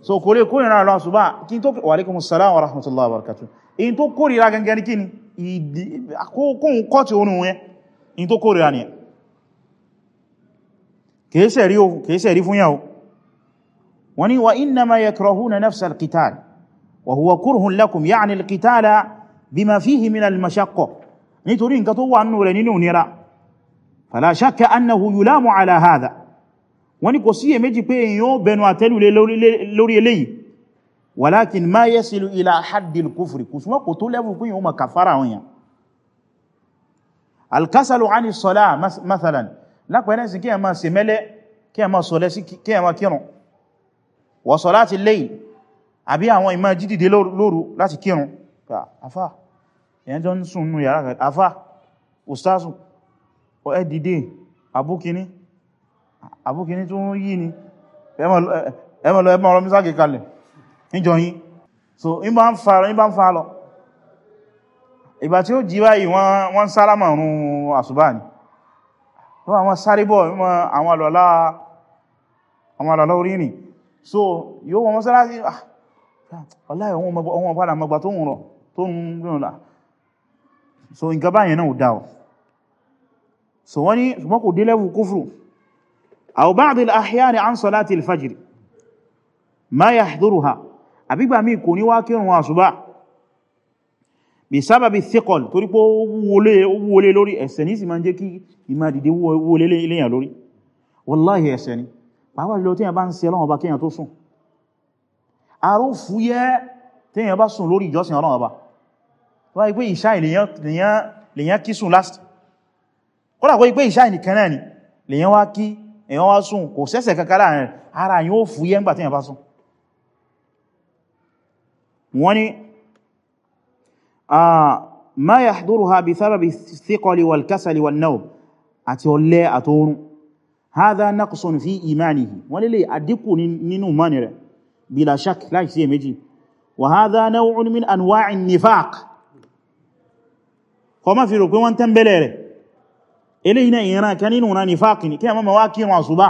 so in tó kórìíra gangan kí ni àkókò ń kọ́ ti orun yẹn in tó kórìíra nìyẹn kèéṣẹ̀ rí fún yàwó wọ́n ni wa innama yakrahuna nafsa al-qital wa huwa kurhun lakum ya'ni al-qitala bima fihi min al-mashaqqa nítorí nǹkan tó wà nínú rẹ̀ nínú nira fala shakka annahu yulamu ala hadha wọ́n ni kò síyè méjì pé èyàn bẹnu àtẹ́lù lórí eléyìí walakin ma yasilu ila haddil kufri kusuma kò tó level kun yi ma kafara wọn yan alkasalu ani sola mathalan lápẹẹrẹ sí kí ẹ máa ṣe mẹ́lẹ́ kí ẹ máa sọlẹ́ sí kí ẹ máa kírun wọ solati layl àbí àwọn ìmá jídìde lóru láti kírun afá ẹ̀yẹn jọ ń sùn nù yàrá rẹ̀ afá kalẹ̀ níjọ yí so in bá ń fa lọ in bá ń fa lọ ìgbà tí ó jí báyìí wọ́n sálámà rún àsùbá ni wọ́n àwọn sárébọ̀ mímọ̀ àwọn àlọ́lá orí ni so yóò wọ́n mọ́sálásí ọlá ọ̀hún ọ̀pàdà mọ́gbà tó ń rọ tó ń rìnlá so nǹkan báyìí náà dáwọ̀ so wọ́n ni ṣùgbọ́n kò délẹ́wù kúfù aw ba'd al-ahyān 'an ṣalāti al-fajr mā yaḥḍuruhā àbígbà míì kò ní wá kírun àṣùbá bí sábàbí thikol torí pé ó wọlé lórí ẹ̀ṣẹ̀ ní sì máa jẹ́ kí ìmá dìde wọlé léyàn lórí wallahi ẹ̀ṣẹ̀ ni pàápàá jùlọ tíyàn bá ń ṣe ọlọ́wọ́ bá kíyàn tó sùn àrùn fúyẹ́ tíyàn bá sùn lórí ìjọsìn ọlọ́wọ́ bá wáyé pé ìṣá lèyàn kí sùn last kọ́lá kó ipé ìṣá nìkan náà wá kí èyàn wá sùn kò sẹ́sẹ̀ kankan láàrin ara yóò fúyẹ́ ńgbà tíyàn bá sùn wọ́n ni ah, ma yahduruha bisababi thiqali wal kasali wan nawm àti ọlẹ́ àtọrún hadha naqsun fi imanihi wọ́n lè àdíkù nínú mani rẹ̀ bila shak láìsí èméjì wa hadha naw'un min anwa'in nifaq kọ ma fi rò pé wọ́n tẹ́m̀bẹ̀lẹ̀ rẹ̀ eléyìí náà ìran kan nínú na nifaq ni kí a máa wá kírun àṣùbá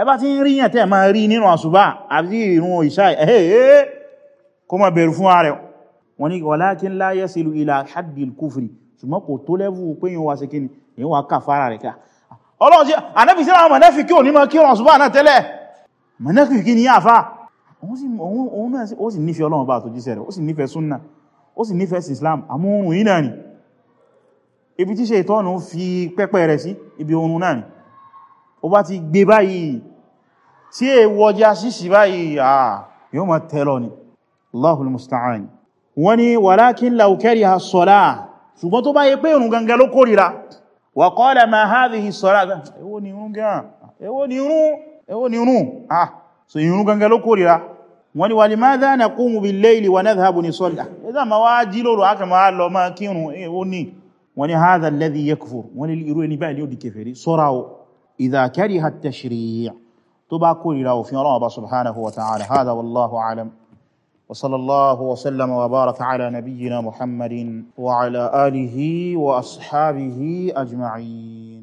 ẹbá tí ń ríyàn tẹ́ máa rí nínú àṣùbá àbí ìrun ìṣá ẹ̀ẹ́ kó má bẹ̀rù fún ààrẹ wọn ni walakin la yasilu ila haddil kufri ṣùgbọ́n kò tó lẹ́wù pé yíò wá sí kíni yíò wá kà fara rẹ̀ ká ọlọ́run sí ànábì sí àwọn mọ̀nẹ́fì kí ò ní máa kírun ṣùgbọ́n àná tẹ́lẹ̀ mọ̀nẹ́fì kí ni àfá òun náà ó sì nífẹ̀ẹ́ ọlọ́run bá àtòjíṣẹ́ ibi tí ṣe ìtọ́nù fi pẹ́pẹ́ rẹ̀ sí ibi oòrùn náà ni ó bá ti gbé báyìí tí èèwọ̀já sísì báyìí à yóò máa tẹ́lọ ni Allahul musta'an wọ́n ní walakin law kariha as-salah ṣùgbọ́n tó bá yẹ pé ìrun gangan ló kórìíra wa qala ma hadhihi as-salah èwo ni ìrun gan èwo ni ìrun èwo ni ìrun ah so ìrun gangan ló kórìíra wọ́n ní wa limadha naqumu bil-layli wa nadhhabu nusalli ẹ̀dá ma wá jí lóru aka ma lọ ma kírun èwo ni wọ́n ní hadha alladhi yakfur wọ́n ní irú ẹni báyìí ó di kèfèrí sọ́ra o idha kariha at-tashri' tó bá kórìíra òfin Ọlọ́run Ọba subhanahu wa ta'ala hadha wallahu a'lam وصلى الله وسلم وبارك على نبينا محمد وعلى اله واصحابه اجمعين